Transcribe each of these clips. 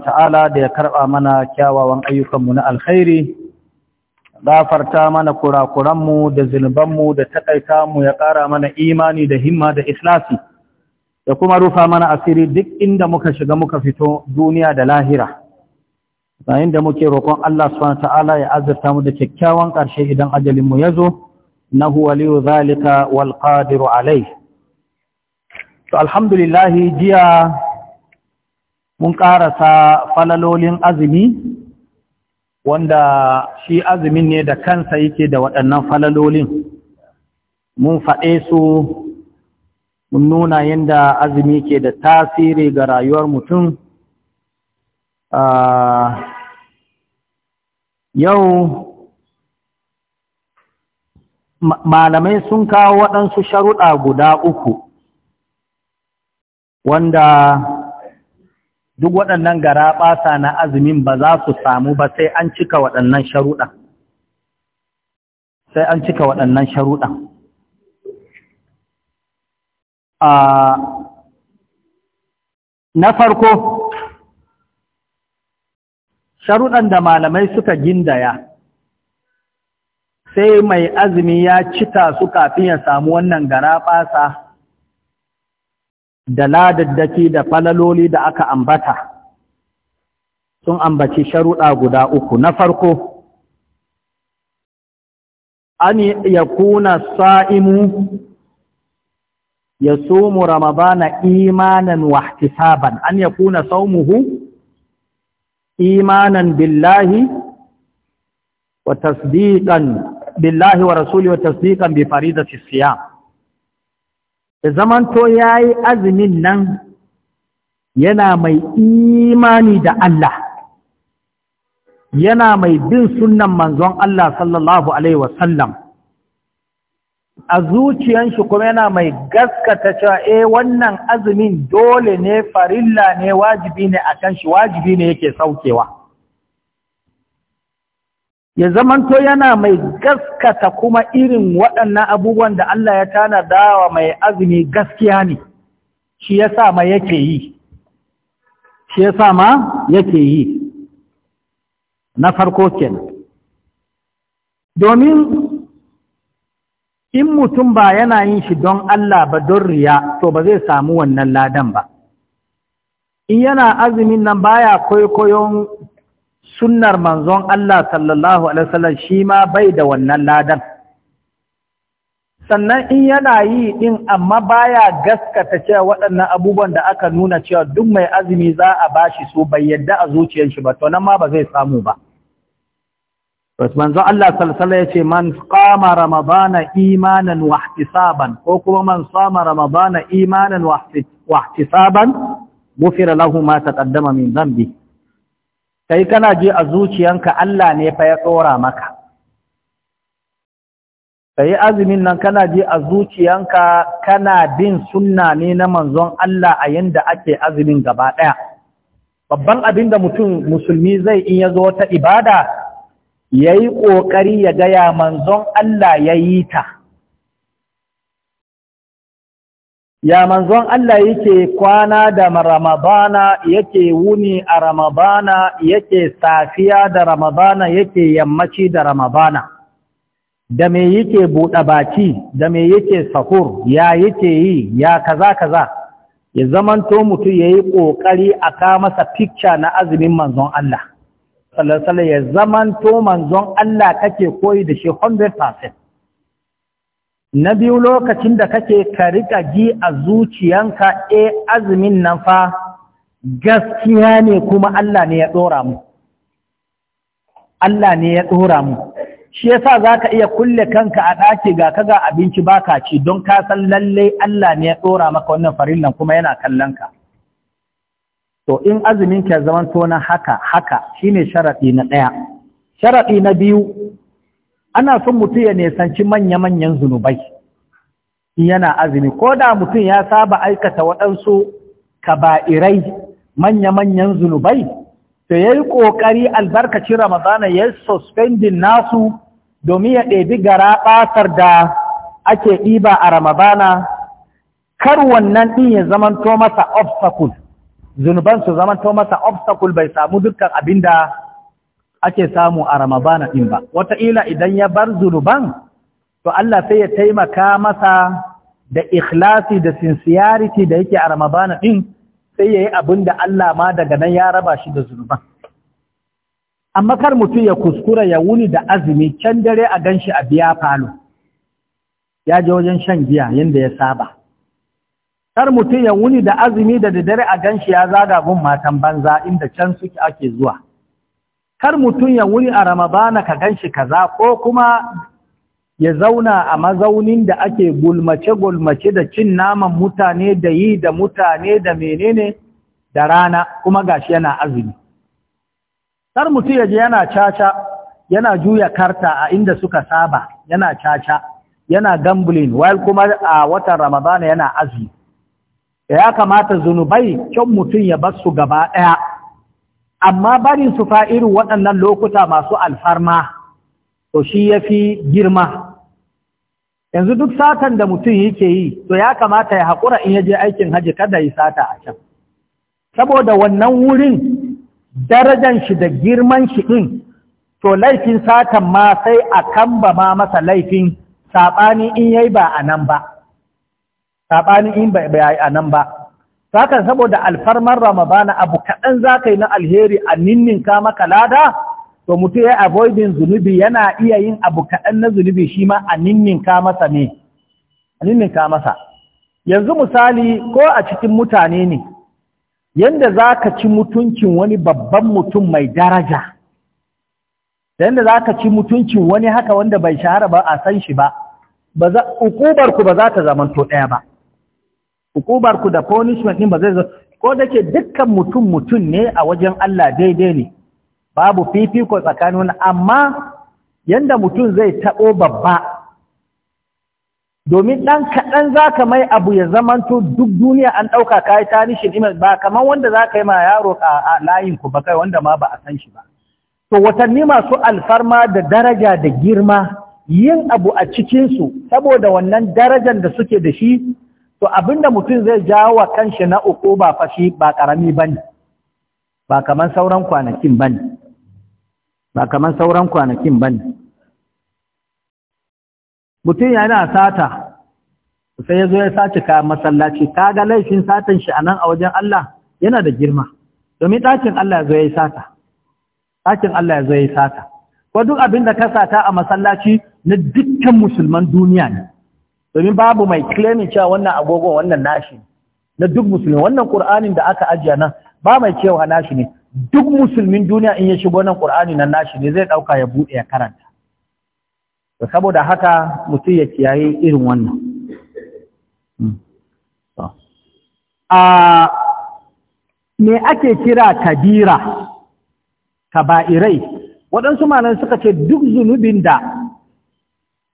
ta'ala da ya karɓa mana kyawawan ayyukanmu na alkhairi, gafarta mana kurakuranmu da zunubanmu da taƙaita mu ya ƙara mana imani da himma da islasi, da kuma rufa mana asiri duk inda muka shiga muka fito duniya da lahira. Yayin da muke roƙon Allah subhanahu ta'ala ya azurta mu da kyakkyawan ƙarshe idan ajalinmu ya zo, nahu waliyu zalika wal qadiru alai. To lillahi jiya mun ƙarasa falalolin azumi wanda shi azumin ne da kansa yake da waɗannan falalolin mun faɗe su mun nuna yadda azumi ke da tasiri ga rayuwar mutum ah, yau malamai sun kawo waɗansu sharuɗa guda uku wanda duk waɗannan gara ɓasa na azumin ba za su samu ba sai an cika waɗannan sharuɗa sai an cika waɗannan sharuɗa na farko sharuɗan da malamai suka gindaya sai mai azumi ya cita su kafin ya samu wannan gara ɓasa da ladaddaki da falaloli da aka ambata sun ambaci sharuɗa guda uku na farko an ya kuna sa'imu ya sumu ramadana imanan wahtisaban an ya kuna saumuhu imanan billahi wa tasdiƙan billahi wa rasuli wa tasdiƙan bi da siyam da zamanto ya yi azumin nan yana mai imani da Allah yana mai bin sunan manzon Allah sallallahu Alaihi wasallam a zuciyan shi kuma yana mai gaskata cewa e wannan azumin dole ne farilla ne wajibi ne a kan shi wajibi ne yake saukewa ya zamanto yana mai gaskata kuma irin waɗannan abubuwan da Allah ya tana dawa mai azumi gaskiya ne shi ya sa ma yake yi shi ya sa yake yi na farko kenan domin in mutum ba yana yin shi don Allah ba don riya to ba zai samu wannan ladan ba in yana azumin nan baya kwaikwayon sunnar manzon Allah sallallahu alaihi wasallam shi ma bai da wannan ladan sannan in yana yi din amma baya gaskata cewa waɗannan abubuwan da aka nuna cewa duk mai azumi za a bashi su bai yadda a zuciyar shi ba to nan ma ba zai samu ba manzon Allah sallallahu ya ce man kama ramadana imanan wa ihtisaban ko kuma man sama ramadana imanan wa ihtisaban ghufira lahu ma taqaddama min dhanbi kai kana ji a zuciyanka Allah ne fa ya tsora maka kai azumin nan kana ji a zuciyanka kana bin sunna ne na manzon Allah a yanda ake azumin gaba daya babban abin da mutum musulmi zai in ya zo ta ibada yayi kokari ya ga ya manzon Allah yayi ta ya manzon Allah yake kwana da ramadana yake wuni a ramadana yake safiya da ramadana yake yammaci da ramabana, da me yake buɗa baki da me yake sahur ya yake yi ya kaza kaza ya zamanto mutum ya yi ƙoƙari a ka masa fikca na azumin manzon Allah sallallahu ya zamanto manzon Allah kake koyi da shi 100% na biyu lokacin da kake ka riƙa ji a zuciyanka e azumin nan fa gaskiya ne kuma Allah ne ya ɗora mu Allah ne ya ɗora mu shi yasa za ka iya kulle kanka a ɗaki ga kaga abinci baka ci don ka san lallai Allah ne ya ɗora maka wannan farillan kuma yana kallon ka to in azumin ka zaman to na haka haka shine sharaɗi na ɗaya sharaɗi na biyu ana son mutum ya nesanci manya-manyan zunubai yana azumi ko da mutum ya saba aikata waɗansu kaba'irai manya-manyan zunubai To ya yi ƙoƙari albarkacin ramadana ya yi suspendin nasu domin ya ɗebi gara ɓasar da ake ɗiba a ramadana kar wannan ɗin ya zamanto masa obstacle zunuban su zamanto masa obstacle bai samu dukkan abin da ake samu a Ramadana ɗin ba. Wataƙila idan ya bar zunuban, to Allah sai ya taimaka masa da ikhlasi da sincerity da yake a Ramadana ɗin sai ya yi abin da Allah ma daga nan ya raba shi da zunuban. Amma kar mutum ya kuskura ya wuni da azumi can dare a gan shi a biya falo, ya je wajen shan giya yadda ya saba. Kar mutum ya wuni da azumi da dare a gan shi ya zaga gun matan banza inda can suke ake zuwa. kar mutum ya wuri a ramadana ka ganshi kaza ko kuma ya zauna a mazaunin da ake gulmace-gulmace da cin naman mutane da yi da mutane da menene da rana kuma gashi yana azumi kar mutum ya je yana caca yana juya karta a inda suka saba yana caca yana gambling while kuma a watan ramadana yana azumi ya kamata zunubai kyan mutum ya bar su gaba ɗaya amma barin su fa'irin waɗannan lokuta masu alfarma to shi ya fi girma yanzu duk satan da mutum yake yi to ya kamata ya haƙura in yaje aikin hajji kada yi sata a can saboda wannan wurin darajan shi da girman shi ɗin to laifin satan ma sai a kambama ma masa laifin saɓani in yai ba a nan ba saka saboda alfarman ramadana abu kaɗan za ka yi na alheri a ninninka maka lada to mutu ya avoidin zunubi yana iya yin abu kaɗan na zunubi shi ma a ninninka masa ne a ninninka masa yanzu misali ko a cikin mutane ne yadda za ka ci mutuncin wani babban mutum mai daraja yadda za ka ci mutuncin wani haka wanda bai shahara ba a san shi ba ukubarku ba za ta zamanto ɗaya ba hukubar ku da punishment din ba zai zo ko da dukkan mutum mutum ne a wajen Allah daidai ne babu fifiko tsakanin amma yanda mutum zai taɓo babba domin ɗan kaɗan zaka mai abu ya zamanto duk duniya an ɗauka ka yi tarishin ba kamar wanda za yi ma yaro a layinku ba kai wanda ma ba a san shi ba to watanni masu alfarma da daraja da girma yin abu a cikin su saboda wannan darajar da suke da shi to abinda mutum zai jawo wa kanshi na uku ba fashi ba karami ne, ba kaman sauran kwanakin ne, ba kamar sauran kwanakin ne. mutum yana sata sai ya zo ya sace kayan masallaci ga laifin satan shi anan a wajen Allah yana da girma domin ɗakin Allah ya zo ya yi sata ɗakin Allah ya zo ya yi sata ko duk abin da ka sata a masallaci na dukkan musulman duniya ne domin babu mai claiming cewa wannan agogon wannan nashi na duk musulmi wannan qur'anin da aka ajiya nan ba mai cewa nashi ne duk musulmin duniya in ya shigo nan qur'ani nan nashi ne zai dauka ya bude ya karanta saboda haka mutum ya kiyaye irin wannan hmm. a me ake kira kabira kaba'irai waɗansu malamai suka ce duk zunubin da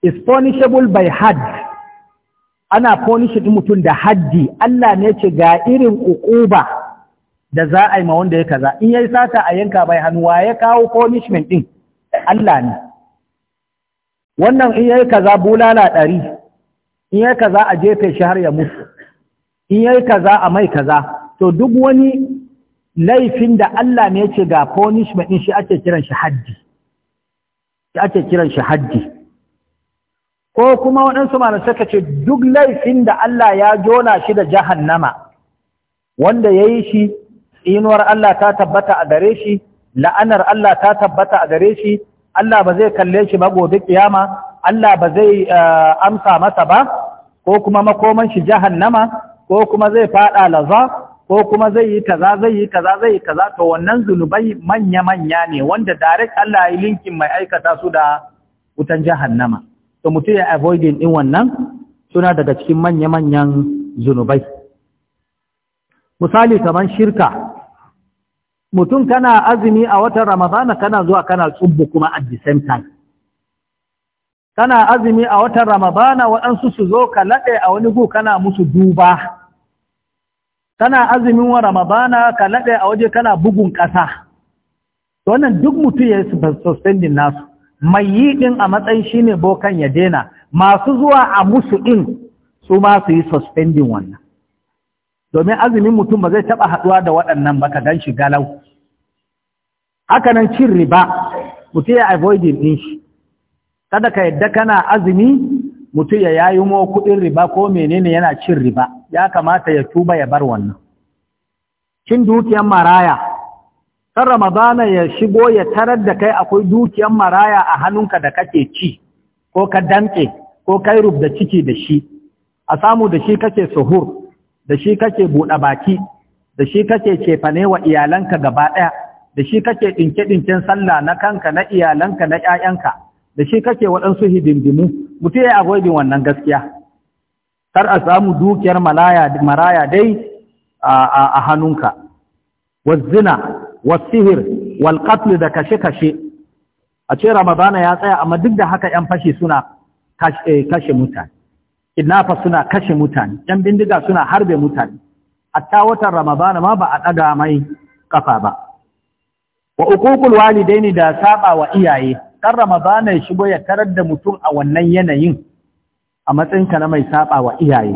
is punishable by had ana punish ɗin mutum da haddi Allah ne ce ga irin ukuba da za a yi ma wanda ya kaza in yayi sata a yanka bai hannu wa ya kawo punishment din Allah ne wannan in yayi kaza bulala ɗari in yayi kaza a jefe shi har ya mutu in yayi kaza a mai kaza to duk wani laifin da Allah ne ce ga punishment din shi ake kiran haddi shi ake kiran shi haddi ko kuma waɗansu malam suka ce duk laifin da Allah ya jona shi da jahannama wanda ya yi shi tsinuwar Allah ta tabbata a gare shi la'anar Allah ta tabbata a gare shi Allah ba zai kalle shi ba gobe kiyama Allah ba zai eh, amsa masa ba ko kuma makoman shi jahannama ko kuma zai faɗa laza ko kuma zai yi kaza zai yi kaza zai yi kaza to wannan zunubai manya manya ne wanda direct Allah ya yi linkin mai aikata su da wutan jahannama to mutum ya avoiding din wannan suna daga cikin manya-manyan zunubai misali kamar shirka mutum kana azumi a watan ramadana kana zuwa kana tsubbu kuma at the same time kana azumi a watan ramadana waɗansu su zo ka laɗe a wani gu kana musu duba kana azumin wa ramadana ka laɗe a waje kana bugun ƙasa wannan duk mutum ya yi suspendin nasu mai yi ɗin a matsayin shi ne bokan ya dena masu zuwa a musu ɗin su ma su yi suspending wannan domin azumin mutum ba zai taɓa haɗuwa da waɗannan ba ka gan shi galau haka nan cin riba mutum ya avoiding ɗin shi kada ka yadda kana azumi mutum ya yayi mo kuɗin riba ko menene yana cin riba ya kamata ya tuba ya bar wannan cin dukiyar maraya kan ramadana ya shigo ya tarar da kai akwai dukiyar maraya a hannunka da kake ci ko ka danke ko kai da ciki da shi a samu da shi kake suhur da shi kake buɗe baki da shi kake cefane wa iyalanka gaba ɗaya da shi kake ɗinke-ɗinken sallah na kanka na iyalanka na 'ya'yanka, da shi kake waɗansu hidindimu mutum ya avoidin wannan gaskiya kar a samu dukiyar maraya dai a hannunka wazzina wasihir wal qatl da kashe-kashe a ce ramadana ya tsaya amma duk da haka yan fashi suna kashe mutane idnafa suna kashe mutane yan bindiga suna harbe mutane hatta watan ramadana ma ba a ɗaga mai kafa ba wa uququl walidaini da saba wa iyaye kan ramadana ya shigo ya tarar da mutum a wannan yanayin a matsayinka na mai saba wa iyaye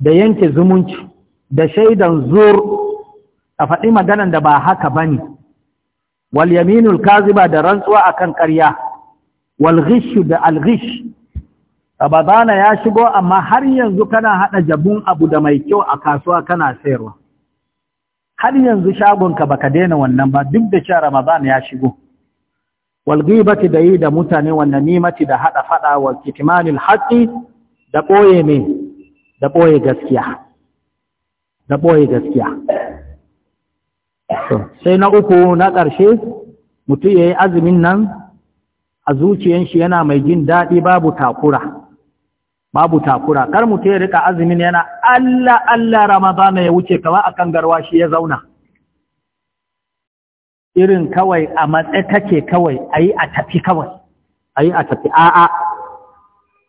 da yanke zumunci da shaidan zur a faɗi maganan da ba haka ba ne wal yaminul kaziba da rantsuwa akan ƙarya wal ghishu da al ghish Rabadana ya shigo amma har yanzu kana haɗa jabun abu da mai kyau a kasuwa kana sayarwa. Har yanzu shagonka baka daina wannan ba duk da cewa Ramadan ya shigo. Wal ghibati da yi da mutane wannan nimati da haɗa faɗa wa kitmanil haƙi da ɓoye ne da ɓoye gaskiya. Da ɓoye gaskiya. sai na uku na ƙarshe mutum ya yi azumin nan a zuciyan shi yana mai jin daɗi babu takura babu takura kar mutum ya rika azumin yana Allah Allah Ramadana ya wuce kama akan garwa shi ya zauna irin kawai a matse take kawai a yi a tafi kawai a yi a tafi a'a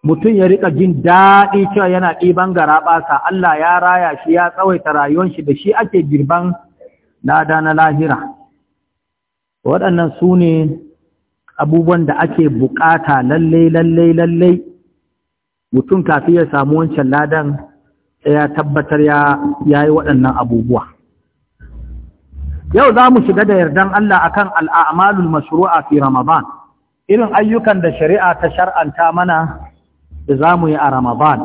mutum ya rika jin daɗi cewa yana ɗiban garaɓasa Allah ya raya shi ya tsawaita rayuwar shi da shi ake girban lada na lahira waɗannan su ne abubuwan da ake bukata lallai-lallai-lallai, mutum kafi ya samu wancan ladan ya tabbatar ya yayi waɗannan abubuwa yau za mu shiga da yardan Allah akan al'amalul mashru'a fi ramadan irin ayyukan da shari'a ta shar'anta mana da za mu yi a ramadan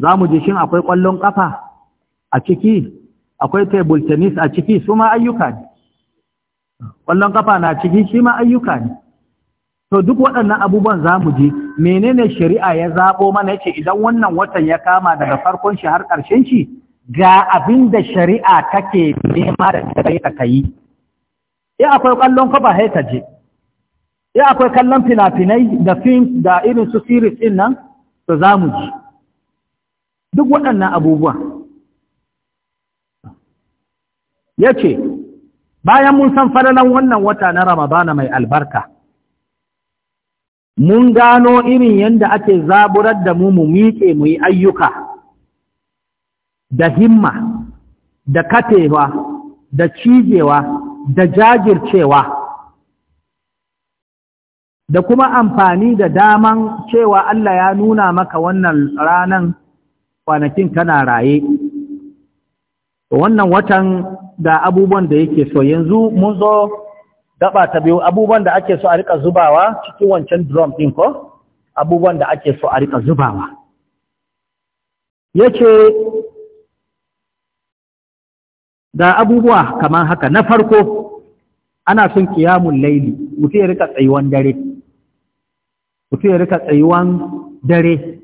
za mu ji shin akwai ƙwallon ƙafa a ciki akwai table tennis a ciki su ma ayyuka ne ƙwallon kafa na ciki shi ma ayyuka ne to duk waɗannan abubuwan za mu ji menene shari'a ya zaɓo mana yace idan wannan watan ya kama daga farkon shi har ƙarshen shi ga abin da shari'a take nema da kai ka kai ya akwai ƙwallon kafa sai ka je ya akwai kallon fina-finai da fim da irin su series din nan to za mu ji duk waɗannan abubuwa ya ce bayan mun san falalan wannan wata na ramadana mai albarka mun gano irin yadda ake zaburar da mu mu miƙe mu yi ayyuka da himma da katewa da cijewa da jajircewa da kuma amfani da daman cewa Allah ya nuna maka wannan ranan kwanakin kana raye wannan watan da abubuwan da yake so yanzu mun zo gaba ta biyu abubuwan da ake so a rika zubawa cikin wancan drum ɗin ko abubuwan da ake so a rika zubawa yace da abubuwa kamar haka na farko ana son kiyamun laili mutum ya rika tsayuwan dare mutum ya rika tsayuwan dare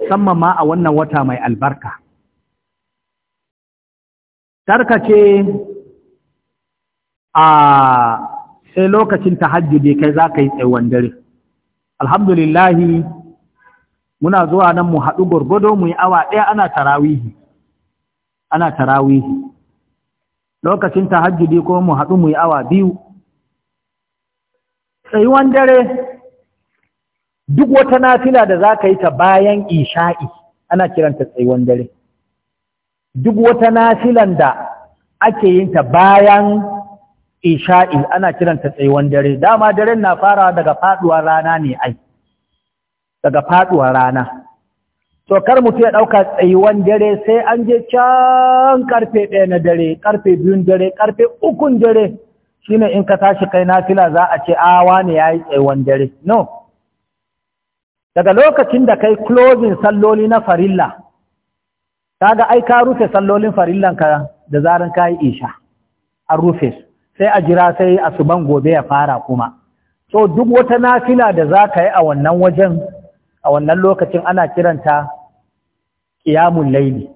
musamman ma a wannan wata mai albarka tarkace a sai lokacin tahajjudi kai za ka yi tsawon dare alhamdulillahi muna zuwa nan mu haɗu gwargwado mu yi awa ɗaya ana tarawihi ana tarawihi lokacin tahajjudi ko mu haɗu mu yi awa biyu tsayuwan dare duk wata nafila da za ka yi ta bayan isha'i ana kiranta tsayuwan dare duk wata nafilan da ake yin ta bayan isha'i ana kiranta tsayuwan dare dama daren na fara daga faduwar rana ne ai daga faduwar rana to kar mu ya dauka tsayuwan dare sai an je can karfe 1 na dare karfe 2 dare karfe 3 dare shine in ka tashi kai nafila za a ce a wani yayi tsayuwan dare no daga lokacin da kai closing salloli na farilla ga ai ka rufe sallolin farillanka da zaran ka yi isha an rufe sai a jira sai asuban gobe ya fara kuma so duk wata nafila da za ka yi a wannan wajen a wannan lokacin ana kiranta ƙiyamun laili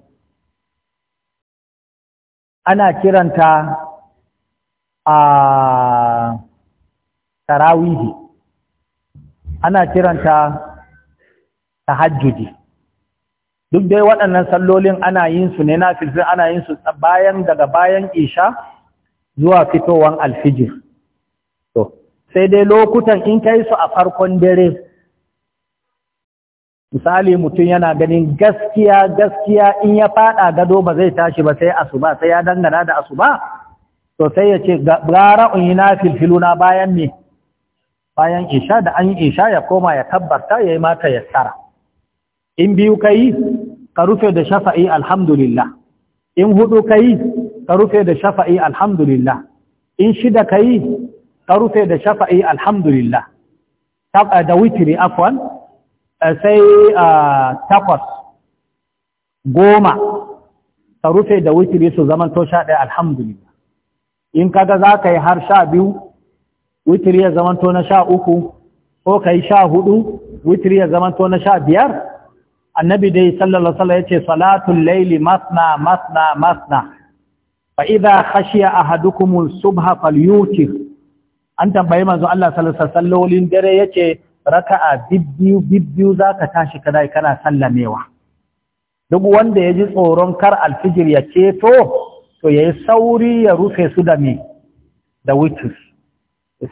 ana kiranta a tarawihi ana kiranta tahajjudi duk dai waɗannan sallolin ana yin su ne na filfin ana yin su bayan daga bayan isha zuwa fitowan alfijir to sai dai lokutan in kai su a farkon dare misali mutum yana ganin gaskiya gaskiya in ya fada gado ba zai tashi ba sai asuba sai ya dangana da asuba to sai ya ce gara in yi na filfiluna bayan me bayan isha da an isha ya koma ya tabbata ya yi mata ya tsara in biyu ka yi ka rufe da shafa'i alhamdulillah in hudu ka yi ka rufe da shafa'i alhamdulillah in shida ka yi ka rufe da shafa'i alhamdulillah eh, da witiri afwan eh, sai eh, takwas goma ka rufe da witiri su zaman to sha ɗaya alhamdulillah in kaga za ka yi har sha biyu witiri ya zaman to na sha uku ko ka yi sha hudu witiri ya zaman to na sha biyar annabi dai sallallahu alaihi wasallam yace Salatun laili masna masna masna fa idha khashiya ahadukum subha falyutir an tambaye manzo Allah sallallahu alaihi wasallam dare yace raka'a bibbiyu bibbiyu zaka tashi kada kana sallamewa duk wanda ya ji tsoron kar alfijir ya ceto to yayi sauri ya rufe su da me da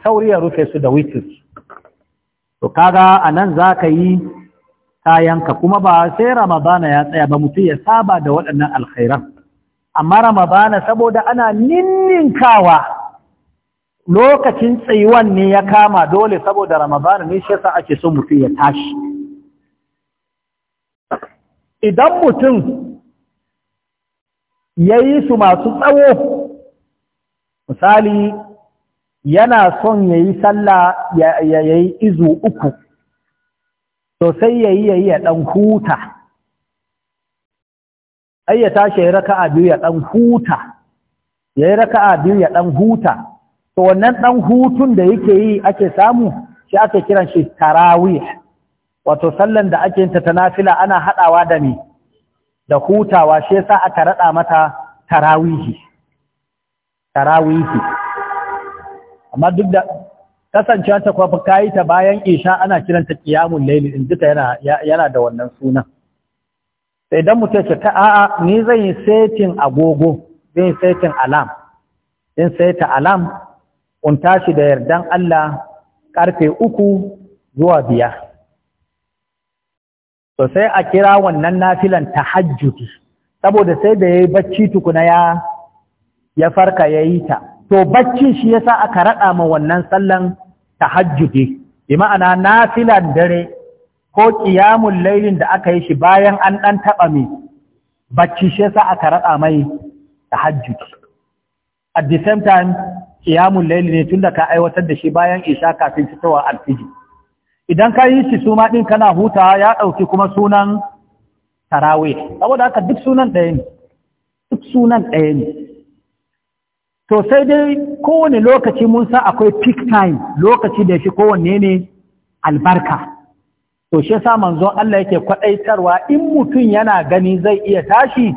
sauri ya rufe su da witus. to kaga anan zaka yi kayanka kuma ba sai ramadana ya tsaya ba mutum ya saba da waɗannan alkhairan amma ramadana saboda ana ninninkawa lokacin tsayuwan ne ya kama dole saboda ramadana ne shi yasa ake so mutum ya tashi idan mutum ya yi su masu tsawo misali yana son ya yi sallah ya yi izu uku to sai ya yi ya ɗan huta ai ya tashi ya yi raka'a biyu ya ɗan huta Ya yi raka'a biyu ya ɗan huta to wannan ɗan hutun da yake yi ake samu shi ake kiran shi tarawih wato sallan da ake ta tanafila ana haɗawa da me da hutawa shi yasa aka raɗa mata tarawihi tarawihi amma duk da kasancewa ta kwafi kayi ta bayan isha ana kiranta ƙiyamun laili in duka yana da wannan suna sai dan mutum ce ta a'a ni zan yi setin agogo zan yi setin alam in ta alam un tashi da yardan Allah karfe uku zuwa biyar to sai a kira wannan nafilan tahajjudi saboda sai da yayi bacci tukuna ya ya farka yayi ta to baccin shi yasa aka raɗa ma wannan sallan tahajjudi bi ma'ana nafilan dare ko ƙiyamun lailin da aka yi shi bayan an ɗan taɓa mai bacci shi yasa aka raɗa mai tahajjudi at the same time ƙiyamun laili ne tunda ka aiwatar da shi bayan isha kafin fitowa alfiji idan ka yi shi suma ɗin kana hutawa ya ɗauki kuma sunan tarawe saboda haka duk sunan ɗaya ne duk sunan ɗaya ne to sai dai kowane lokaci mun sa akwai peak time lokaci da shi kowanne ne albarka to shi sa manzon Allah yake kwadaitarwa in mutum yana gani zai iya tashi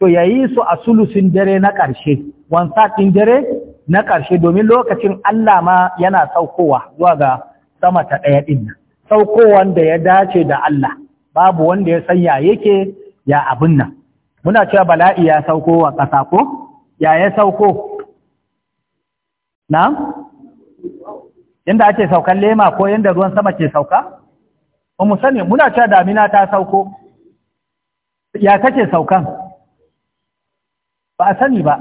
to yayi su a sulusin dare na ƙarshe wan satin dare na ƙarshe domin lokacin Allah ma yana saukowa zuwa ga sama ta ɗaya din saukowan da ya dace da Allah babu wanda ya san ya yake ya abin nan muna cewa bala'i ya sauko wa ƙasa ya ya sauko na'am inda ake saukan lema ko yanda ruwan sama ke sauka ba mu sani muna cewa damina ta sauko ya kake saukan ba a sani ba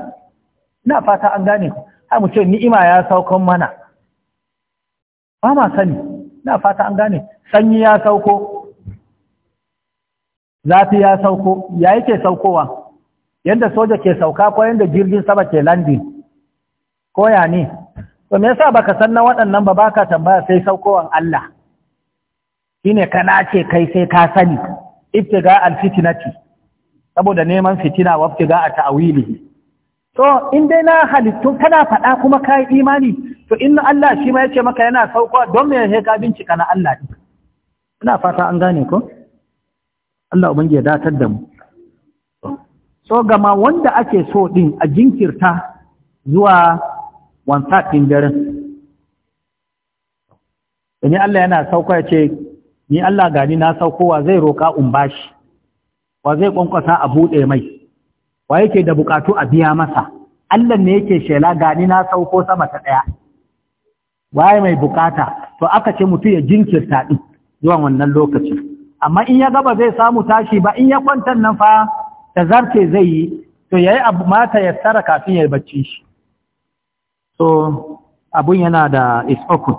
ina fata an gane ku mu ce ni'ima ya saukan mana ba ma sani ina fata an gane sanyi ya sauko zafi ya sauko ya yake saukowa yanda soja ke sauka ko yanda jirgin sama ke landing koya ne to me yasa baka san na waɗannan ba baka tambaya sai saukowan Allah ne ka nace kai sai ka sani ibtiga alfitinati saboda neman fitina wa ibtiga ta'awili. to in dai na halittu kana faɗa kuma kai imani to in Allah shi ma yace maka yana saukowa don me yake ka bincika na Allah din ina fata an gane ko Allah ubangi ya datar da mu so gama wanda ake so din a jinkirta zuwa wansa daren ni Allah yana sauka ya ce ni Allah gani na saukowa zai roƙa in bashi wa zai ƙwanƙwasa a buɗe mai wa yake da buƙatu a biya masa Allah ne yake shela gani na sauko sama ta ɗaya waye mai buƙata to aka ce mutum ya jinkirta ɗin zuwa wannan lokacin amma in ya gaba zai samu tashi ba in ya kwantar nan fa ta zarce zai yi to yayi abu mata ya tsara kafin ya bacci shi so abun yana da is open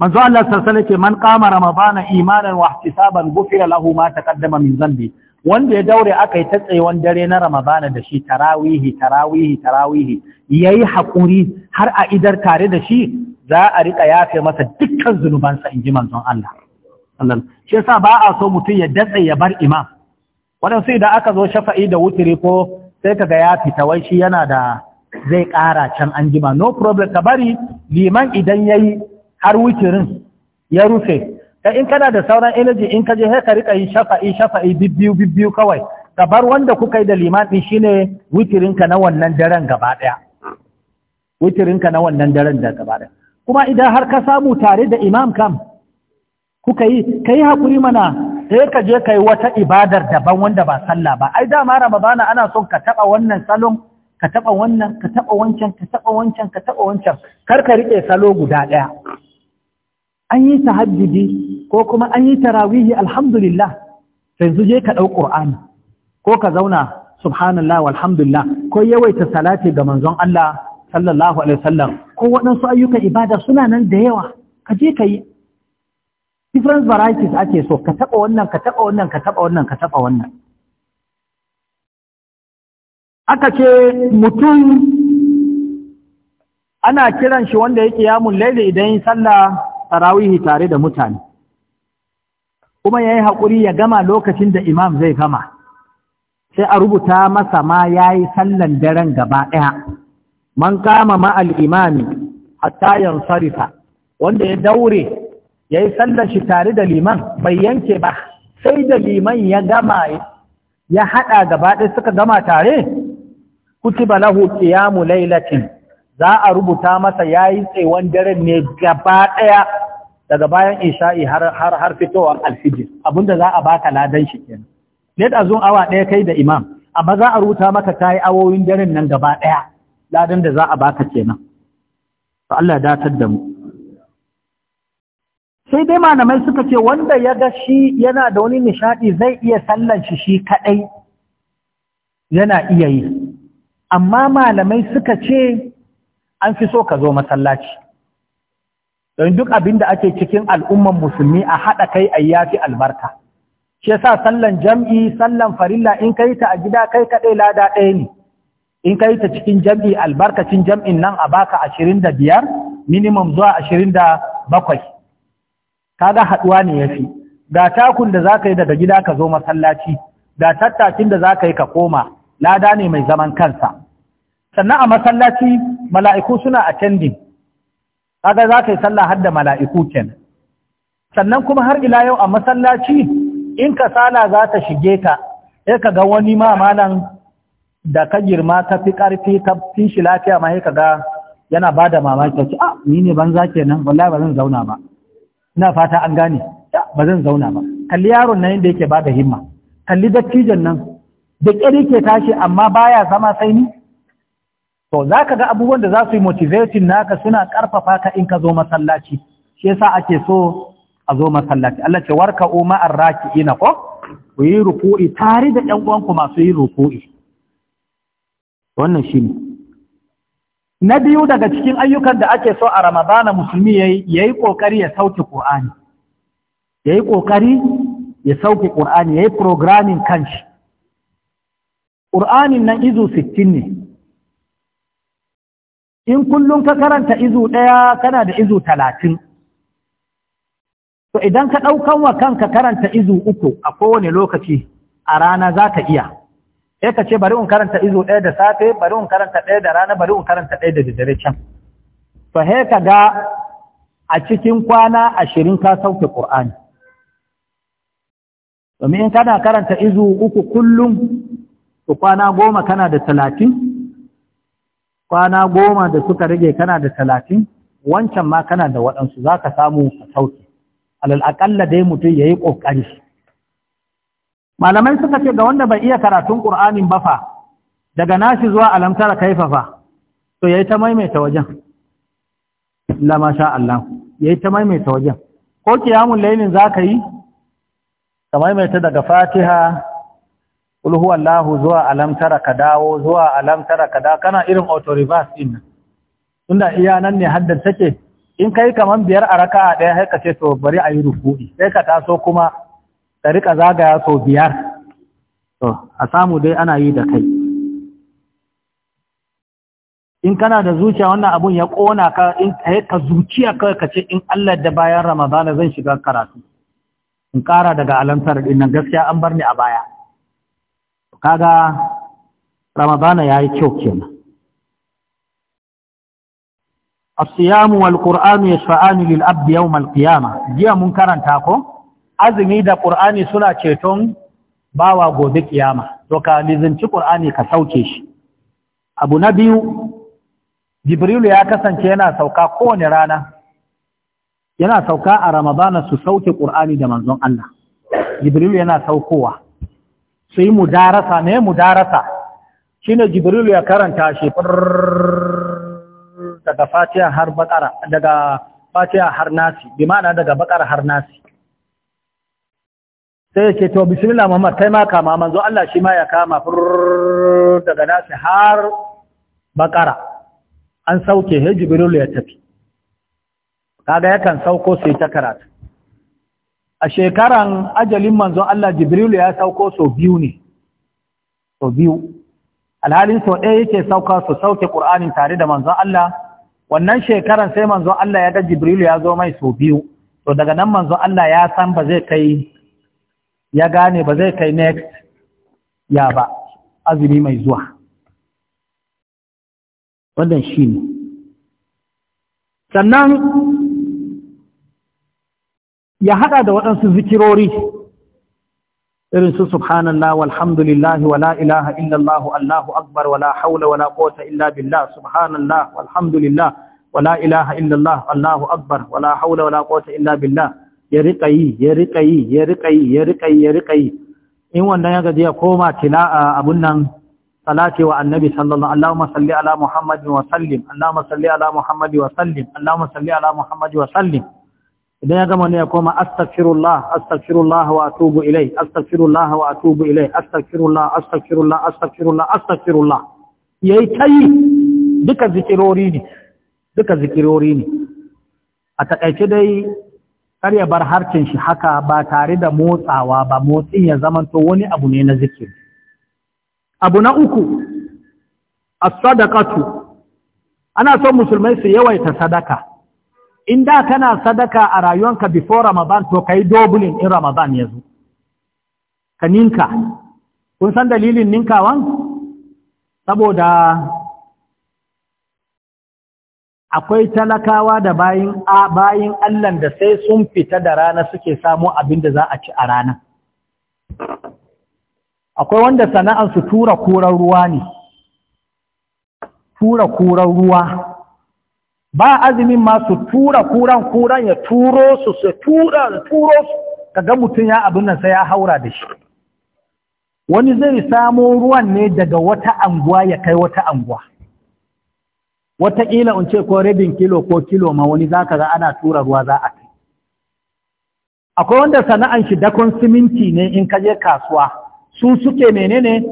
manzo Allah sarsala ce man kama ramadana imanan wa ihtisaban ghufira lahu ma taqaddama min dhanbi wanda ya daure aka yi ta tsayewan dare na ramadana da shi tarawihi tarawihi tarawihi yayi hakuri har a idar tare da shi za a rika yafe masa dukkan zunubansa inji manzon Allah sallallahu shi yasa ba a so mutum ya datse ya bar imam Waɗansu idan aka zo shafa'i da wutiri ko sai kaga ya fita wai shi yana da zai ƙara can an jima no problem ka bari liman idan ya yi har wucirin ya rufe ka in kana da sauran energy in ka je ka rika yi shafa'i shafa'i bibbiyu bibbiyu kawai ka bar wanda kuka yi da liman din shine wucirin ka na wannan daren gaba daya na wannan daren da gaba daya kuma idan har ka samu tare da imam kam kuka yi kai hakuri mana sai ka je kai wata ibadar daban wanda ba sallah ba ai da dama ramadana ana son ka taɓa wannan salon ka taɓa wannan ka taɓa wancan ka taɓa wancan ka taɓa wancan kar ka riƙe salo guda ɗaya an yi tahajjudi ko kuma an yi tarawihi alhamdulillah sai su je ka ɗau qurani ko ka zauna subhanallah walhamdulillah ko yawaita salati ga manzon Allah sallallahu alaihi wasallam ko waɗansu ayyukan ibada suna nan da yawa ka je ka yi different varieties ake so ka taɓa wannan ka taɓa wannan ka taɓa wannan ka taɓa wannan aka ce mutum ana kiran shi wanda yake yamun laili idan yi sallah tarawihi tare da mutane kuma yayi yi haƙuri ya gama lokacin da imam zai gama sai a rubuta masa ma ya sallan daren gaba ɗaya man kama al imami hatta yansarifa wanda ya daure yayi yi sallar shi tare da liman bai yanke ba sai da liman ya gama ya haɗa gaba ɗaya suka gama tare kutiba lahu qiyamu lailatin za a rubuta masa yayi tsewan dare ne gaba daya daga bayan isha'i har har har fitowar alfijir abinda za a baka ladan shi kenan ne da zuwa awa daya kai da imam amma za a rubuta maka tayi awowin daren nan gaba daya ladan da za a baka kenan to Allah ya datar da mu sai dai malamai suka ce wanda ya ga shi yana da wani nishadi zai iya sallan shi shi kadai yana iya yi amma malamai suka ce an fi so ka zo masallaci don duk abin da ake cikin al'umman musulmi a haɗa kai a yafi albarka Shiyasa sa sallan jam'i sallan farilla in kai ta a gida kai kaɗai lada ɗaya ne in kai ta cikin jam'i albarkacin jam'in nan a baka ashirin da biyar minimum zuwa ashirin da bakwai kaga haɗuwa ne ya fi ga takun da za ka yi daga gida ka zo masallaci ga tattakin da za ka yi ka koma lada ne mai zaman kansa sannan a masallaci mala'iku suna attending kaga za ka yi sallah har da mala'iku kenan sannan kuma har ila yau a masallaci in ka sala za ta shige ka ya ka ga wani ma malam da ka girma ka fi ƙarfi ka fi shi lafiya ma ya ka ga yana ba da mamaki ce a ah, ni ne banza nan wallahi ba zan zauna ba ina fata an gane ba zan zauna ba kalli yaron nan yadda yake ba da himma kalli dattijan nan da ƙari ke tashi amma baya zama sai ni to za ka ga abubuwan da za su yi motivatin naka suna ƙarfafa ka in ka zo masallaci shi yasa ake so a zo masallaci Allah ce warka Umar, raki ina ko ku yi ruku'i tare da 'yan uwanku masu yin ruku'i wannan shi ne na biyu daga cikin ayyukan da ake so a ramadana musulmi ya yi ƙoƙari ya sauke ƙur'ani ya yi ƙoƙari ya sauke ƙur'ani ya yi programming kanshi ƙur'anin nan izu sittin ne in kullum ka karanta izu ɗaya kana da izu talatin to idan ka ɗaukan wa kanka karanta izu uku a kowane lokaci a rana za ka iya sai ka ce bari in karanta izu ɗaya da safe bari in karanta ɗaya da rana bari in karanta ɗaya da daddare can to sai ka ga a cikin kwana ashirin ka sauke ƙur'ani domin in kana karanta izu uku kullum to kwana goma kana da talatin kwana goma da suka rage kana da talatin wancan ma kana da waɗansu za ka samu a sauki alal'aƙalla dai mutum ya yi ƙoƙari malamai suka ce ga wanda bai iya karatun ƙur'anin ba fa daga nashi zuwa alamtara kaifafa to ya yi ta maimaita wajen lama sha Allah ya yi ta maimaita wajen ko kiyamun lainin za ka yi ka maimaita daga fatiha ulhu Allahu zuwa alamtara ka dawo zuwa alamtara ka dawo kana irin auto reverse din tunda iya nan ne haddar take in kai kaman biyar a raka'a ɗaya sai ka ce to bari a yi ruku'i sai ka taso kuma ka rika zagaya sau biyar to a samu dai ana yi da kai in kana da zuciya wannan abun ya kona ka in ka zuciya kawai ka ce in Allah da bayan Ramadana zan shiga karatu in ƙara daga alamtar ɗin nan gaskiya an bar ni a baya kaga ramadana ya yi kyau kenan asiyamu wal qur'anu yashfa'ani lil abdi yawm al jiya mun karanta ko azumi da ƙur'ani suna ceton bawa gobe kiyama to ka lizinci qur'ani ka sauke shi abu na biyu jibrilu ya kasance yana sauka kowane rana yana sauka a ramadana su sauke ƙur'ani da manzon Allah jibrilu yana saukowa sai mudarasa ne mudarasa shi ne jibrilu ya karanta shi daga fatiha har bakara daga fatiha har nasi bi ma'ana daga bakara har nasi sai ce to bismillah muhammad kai ma kama manzo Allah shi ma ya kama daga nasi har bakara an sauke he jibrilu ya tafi kaga yakan sauko sai ta karatu a shekaran ajalin manzon Allah Jibrilu ya sauko sau biyu ne sau biyu alhalin sau ɗaya yake sauka su sauke ƙur'anin tare da manzon Allah wannan shekaran sai manzon Allah ya ga Jibrilu ya zo mai sau biyu to daga nan manzon Allah ya san ba zai kai ya gane ba zai kai next ya ba azumi mai zuwa wannan shi sannan ya hada da waɗansu zikirori irin su subhanallah walhamdulillah wala ilaha illallah allahu akbar wala haula wala quwwata illa billah subhanallah walhamdulillah wala ilaha illallah allahu akbar wala haula wala quwwata illa billah ya rika yi ya rika yi ya rika yi ya rika yi ya rika yi in wannan ya gaji ya koma tila'a abun nan salati wa annabi sallallahu allahumma salli ala muhammadin wa sallim allahumma salli ala muhammadin wa sallim allahumma salli ala muhammadin wa sallim idan ya gama ne ya koma astaghfirullah astaghfirullah wa atubu ilai astaghfirullah wa atubu ilai astaghfirullah astaghfirullah astaghfirullah astaghfirullah yayi tayi duka zikirori ne duka zikirori ne a takaice dai kar ya bar harcin shi haka ba tare da motsawa ba motsin ya zamanto wani abu ne na zikiri abu na uku as-sadaqatu ana son musulmai su yawaita sadaka in da kana sadaka a rayuwanka before Ramadan to kai dobulin in Ramadan ya zo ka ninka kun san dalilin ninkawan saboda akwai talakawa da bayin bayin Allah da sai sun fita da rana suke samu abin da za a ci a rana akwai wanda sana'ar su tura kuran ruwa ne tura kuran ruwa ba azumin ma su tura kuran kuran ya turo su su tura da turo su kaga mutum ya abin nan sai ya haura da shi wani zai samo ruwan ne daga wata anguwa ya kai wata anguwa wataƙila in ce ko rabin kilo ko kilo ma wani za ka ga ana tura ruwa za a kai akwai wanda sana'an shi dakon siminti ne in ka je kasuwa su suke menene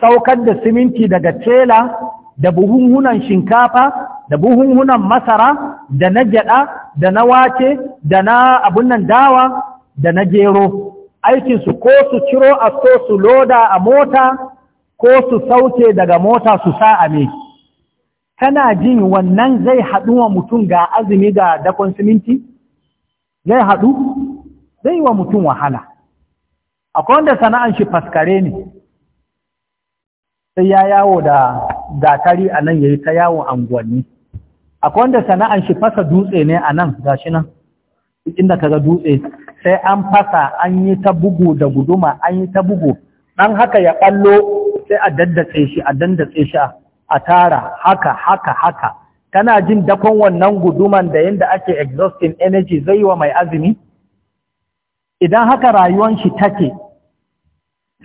saukar da siminti daga tela da buhunhunan shinkafa da buhunhunan masara da na gyada da na wace da na abun nan dawa da na gero aikinsu ko su ciro a so su loda a mota ko su sauke daga mota su sa a me kana jin wannan zai haɗu wa mutum ga azumi ga dakon siminti zai haɗu zai wa mutum wahala akwai wanda sana'an shi faskare ne sai ya yawo da gatari a nan ya yi ta yawon anguwanni akwai wanda sana'an shi fasa dutse ne a nan gashi nan inda ka ga dutse sai an fasa an yi ta bugu da guduma an yi ta bugu dan haka ya ballo sai a daddatse shi a dandatse shi a tara haka haka haka kana jin dakon wannan guduman da yanda ake exhausting energy zai wa mai azumi idan haka rayuwan shi take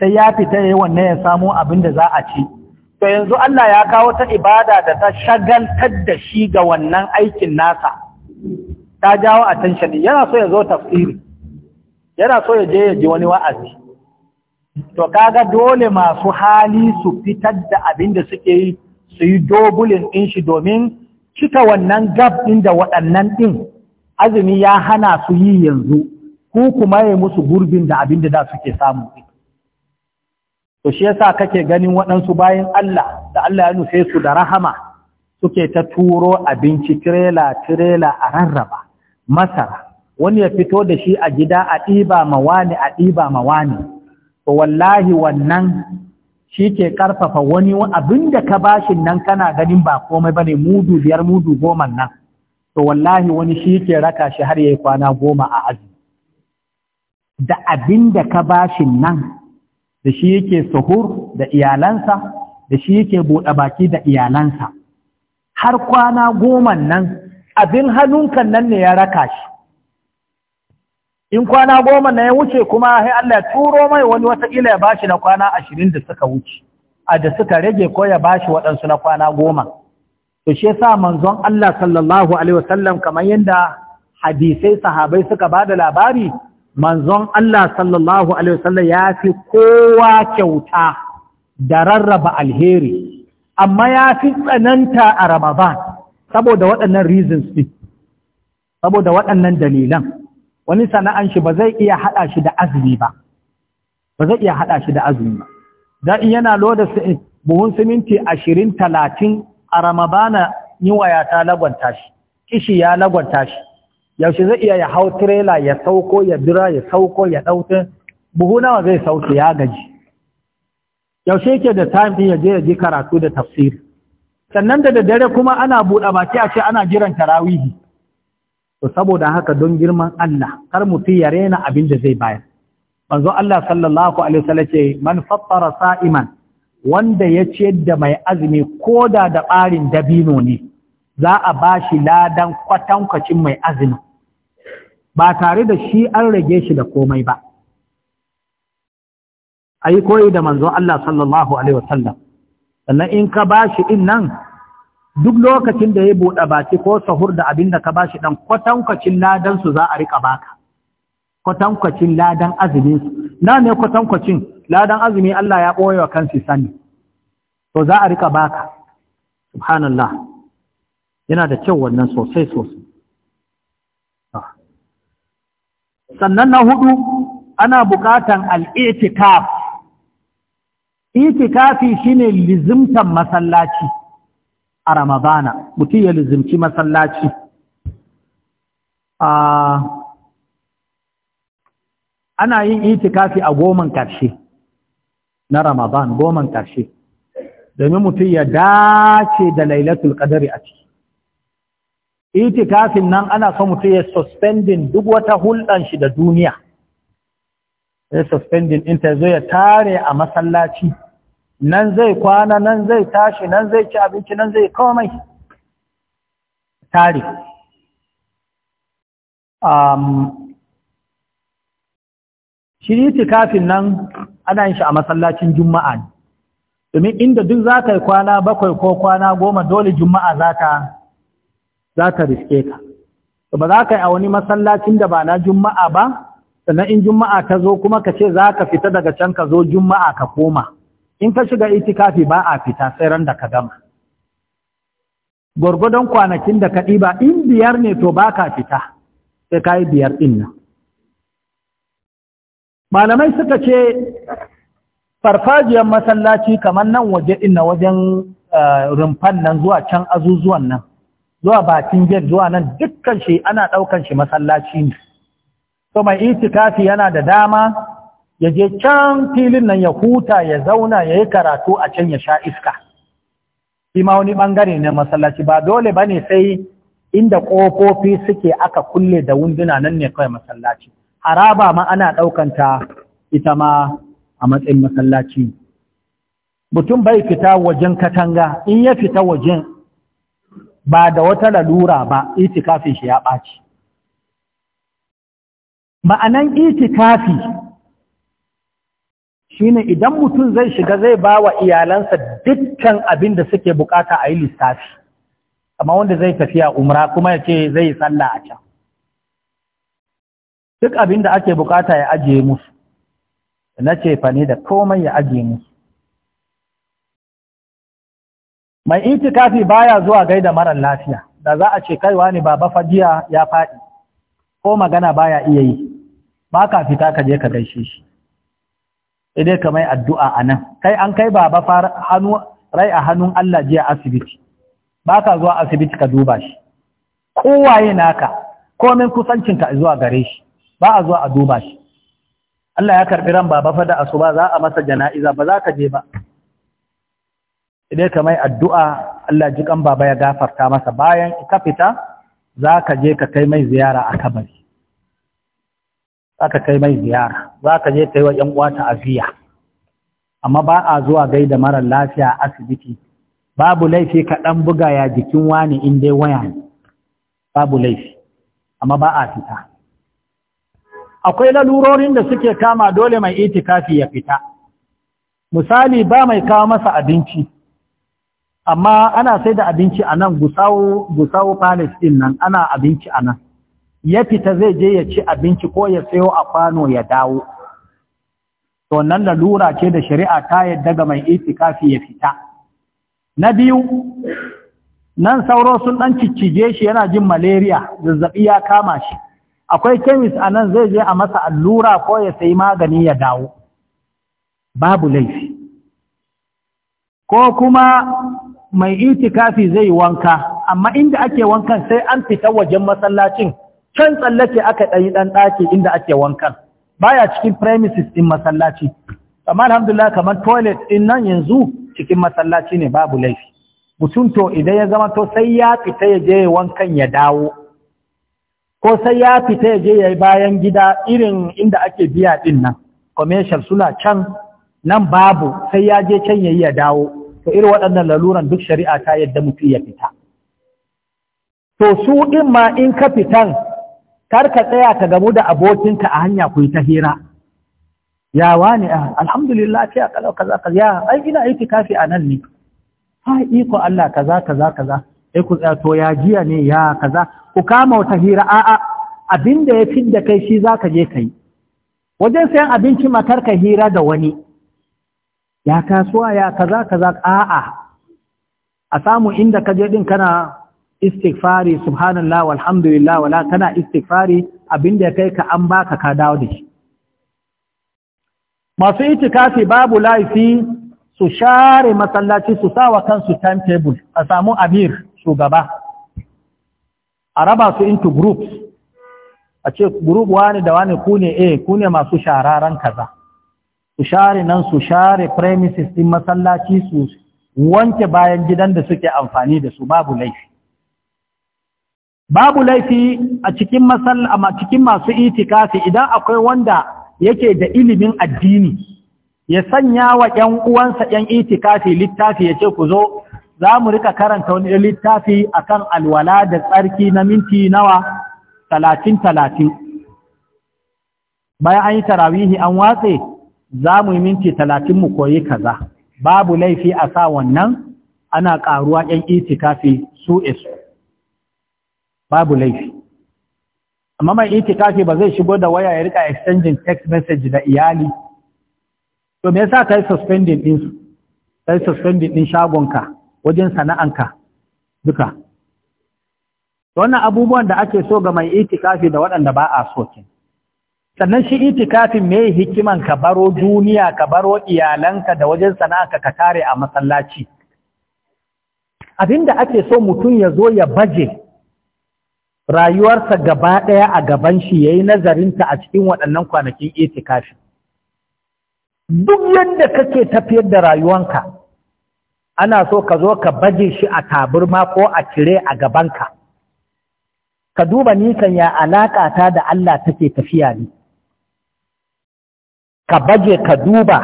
sai ya fita yayi wannan ya samu abin da za a ci to yanzu Allah ya kawo ta ibada da ta shagaltar da shi ga wannan aikin nasa ta jawo a yana so ya zo tafsiri yana so ya je ya ji wani wa'azi to kaga dole masu hali su fitar da abin da suke yi su yi dobulin din shi domin cika wannan gab ɗin da waɗannan ɗin azumi ya hana su yi yanzu ko kuma ya musu gurbin da abin da da suke samu to shi yasa kake ganin waɗansu bayan Allah da Allah ya nufe su da rahama suke ta turo abinci tirela tirela a rarraba masara wani ya fito da shi a gida a ɗiba wani a ɗiba wani to wallahi wannan shi ke ƙarfafa wani abin da ka bashin nan kana ganin ba komai bane mudu biyar mudu goma nan to wallahi wani shi ke raka shi har yayi kwana goma a azumi da abin da ka bashin nan da shi yake suhur da iyalansa da shi yake buɗe baki da iyalansa har kwana goma nan abin hannunkan nan ne ya raka shi in kwana goma na ya wuce kuma sai Allah ya turo mai wani ila ya bashi na kwana ashirin da suka wuce a da suka rage ko ya bashi waɗansu na kwana goma to shi yasa manzon Allah sallallahu alaihi wasallam kamar yadda hadisai sahabai suka bada labari manzon Allah sallallahu Alaihi wasallam ya fi kowa kyauta da rarraba alheri, amma ya fi tsananta a Ramadan saboda waɗannan reasons ɗin, saboda waɗannan dalilan, wani sana'an shi ba zai iya haɗa shi da azumi ba, ba zai iya haɗa shi da azumi ba. Don in yana loda buhun siminti ashirin talatin a Ramadana yinwa ya ta lagwanta shi, kishi ya lagwanta shi. yaushe zai iya ya hau tirela ya sauko ya bira ya sauko ya ɗauta buhu nawa zai sauke ya gaji yaushe yake da time ya je ya ji karatu da tafsir sannan da daddare kuma ana buɗe baki a ce ana jiran tarawihi to saboda haka don girman Allah kar mutum ya rena abin da zai bayar manzo Allah sallallahu alaihi wasallam ce man fattara sa'iman wanda ya ciyar da mai azumi koda da ɓarin dabino ne za a ba shi ladan kwatankwacin mai azumi ba tare da shi an rage shi da komai ba a yi koyi da manzon Allah sallallahu Alaihi wasallam sannan in ka ba shi in nan duk lokacin da ya buɗa baki ko sahur da abin da ka ba shi ɗan kwatankwacin ladansu za a riƙa baka kwatankwacin ladan su. na ne kwatankwacin ladan azumi Allah ya ɓoye wa kansu sani to za a riƙa baka subhanallah yana da kyau wannan sosai sosai ah. sannan na hudu ana bukatan al'itikaf itikafi shine lizimtan masallaci a ramadana mutum ya lizimci masallaci ah. ana yin itikafi a goman karshe na ramadan goman karshe domin mutum ya dace da lailatul qadari a ciki itikafin nan ana son mutum ya suspendin duk wata hulɗan shi da duniya ya in ta zo ya tare a masallaci nan zai kwana nan zai tashi nan zai ci abinci nan zai komai tare um, shi itikafin nan ana yin shi a masallacin juma'a ne domin inda duk za ka yi kwana bakwai ko kwana goma dole juma'a za ta za ta riske ka ba za ka yi a wani masallacin da ba na juma'a ba sannan in juma'a ta zo kuma ka ce za ka fita daga can ka zo juma'a ka koma in ka shiga itikafi ba a fita sai ran da ka gama gwargwadon kwanakin da kaɗi ba in biyar ne to ba ka fita sai ka yi biyar ɗin nan malamai suka ce farfajiyar masallaci kamar nan waje ɗin na wajen eh, rumfan nan zuwa can azuzuwan nan zuwa bakin gate zuwa nan dukkan shi ana ɗaukan shi masallaci ne to mai itikafi yana da dama ya je can filin nan ya huta ya zauna ya yi karatu a can ya sha iska shi wani ɓangare ne masallaci ba dole ba ne sai inda ƙofofi suke aka kulle da wunduna nan ne kawai masallaci haraba ma ana ɗaukanta ita ma a matsayin masallaci mutum bai fita wajen katanga in ya fita wajen ba da wata lalura ba itikafin shi ya ɓaci ma'anan itikafi shine idan mutum zai shiga zai ba wa iyalansa dukkan abin da suke bukata a yi lissafi amma wanda zai tafiya umra kuma ya ce zai yi sallah a can duk abin da ake bukata ya ajiye musu na ce fa da komai ya ajiye musu mai itikafi baya zuwa gaida marar lafiya da za a ce kaiwa ne baba fajiya ya faɗi ko magana baya iya yi ba ka fita ka je ka gaishe shi idai ka mai addu'a a nan kai an kai baba far hannu rai a hannun Allah jiya asibiti ba ka zuwa asibiti ka duba shi kowaye naka komin kusancinka zuwa gare shi ba a zuwa a duba shi Allah ya karɓi ran baba fa da asuba za a masa jana'iza ba za ka je ba idan ka mai addu'a Allah ji kan baba ya gafarta masa bayan ka fita za ka je ka kai mai ziyara a kabari za ka kai mai ziyara za ka je kai wa ‘yan uwa aziya. amma ba a zuwa gaida mara lafiya a asibiti babu laifi ka ɗan buga ya jikin wani in dai waya babu laifi amma ba a fita akwai lalurorin da suke kama dole mai itikafi ya fita misali ba mai kawo masa abinci amma ana sai da abinci a nan gusawo palace din nan ana abinci a nan ya fita zai je ya ci abinci ko ya sayo a kwano ya dawo to nan da lura ce da shari'a ta yadda ga mai itikafi ya fita na biyu nan sauro sun ɗan ciccije shi yana jin malaria zazzaɓi ya kama shi akwai kemis a nan zai je a masa allura ko ya sayi magani ya dawo babu laifi ko kuma mai itikafi zai wanka amma inda ake wankan sai an fita wajen masallacin can tsallake aka ɗanyi ɗan ɗaki inda ake wankan baya cikin premises ɗin masallaci amma alhamdulillah kamar toilet ɗin nan yanzu cikin masallaci ne babu laifi mutum to idan ya zama to sai ya fita ya je wankan ya dawo ko sai ya fita ya je ya yi bayan gida irin inda ake biya ɗin nan commercial suna can nan babu sai ya je can ya yi ya dawo to irin waɗannan laluran duk shari'a ta yadda mutum ya fita to su ɗin ma in ka fitan kar ka tsaya ka gamu da abokinka a hanya ku yi ta hira ya wani ah, alhamdulillah ce a kalau kaza kaza ya ai ina aiki kafi a nan ne ha iko Allah kaza kaza kaza sai ku tsaya to ya jiya ne ya kaza ku kama wata hira a'a abinda ya fi da kai shi za ka je ka yi. wajen sayan abinci matar ka hira da wani ya kasuwa ya kaza kaza a'a a samu inda ka je din kana istighfari subhanallah walhamdulillah wala kana istighfari abinda kai ka an baka ka dawo da shi masu itikafi babu laifi su share masallaci su sawa kansu timetable a samu amir shugaba a raba su into groups a ce group wani da wani ku ne eh masu shararan kaza su share nan su share premises din masallaci su wanke bayan gidan da suke amfani da su babu laifi babu laifi a cikin masalla cikin masu itikafi idan akwai wanda yake da ilimin addini ya sanya wa ƴan uwansa ƴan itikafi littafi yace ku zo za mu rika karanta wani littafi akan alwala da tsarki na minti nawa talatin talatin bayan an yi tarawihi an watse za mu yi minti talatin mu koyi kaza babu laifi a sa wannan ana ƙaruwa ‘yan itikafi su isu babu laifi amma mai itikafi ba zai shigo da waya ya rika exchanging text message da iyali to me yasa kai suspending din su kai suspending din shagonka wajen sana'anka duka wannan abubuwan da ake so ga mai itikafi da waɗanda ba a so sannan shi itikafin mai hikiman ka baro duniya ka baro iyalanka da wajen sana'arka ka tare a masallaci abinda ake so mutum ya zo ya baje rayuwarsa gaba ɗaya a gaban shi yayi nazarinta a cikin waɗannan kwanakin itikafi duk yadda kake tafiyar da rayuwanka ana so ka zo ka baje shi a taburma ko a cire a gabanka ka duba nisan ya alaƙa ta da Allah take tafiya ne ka baje ka duba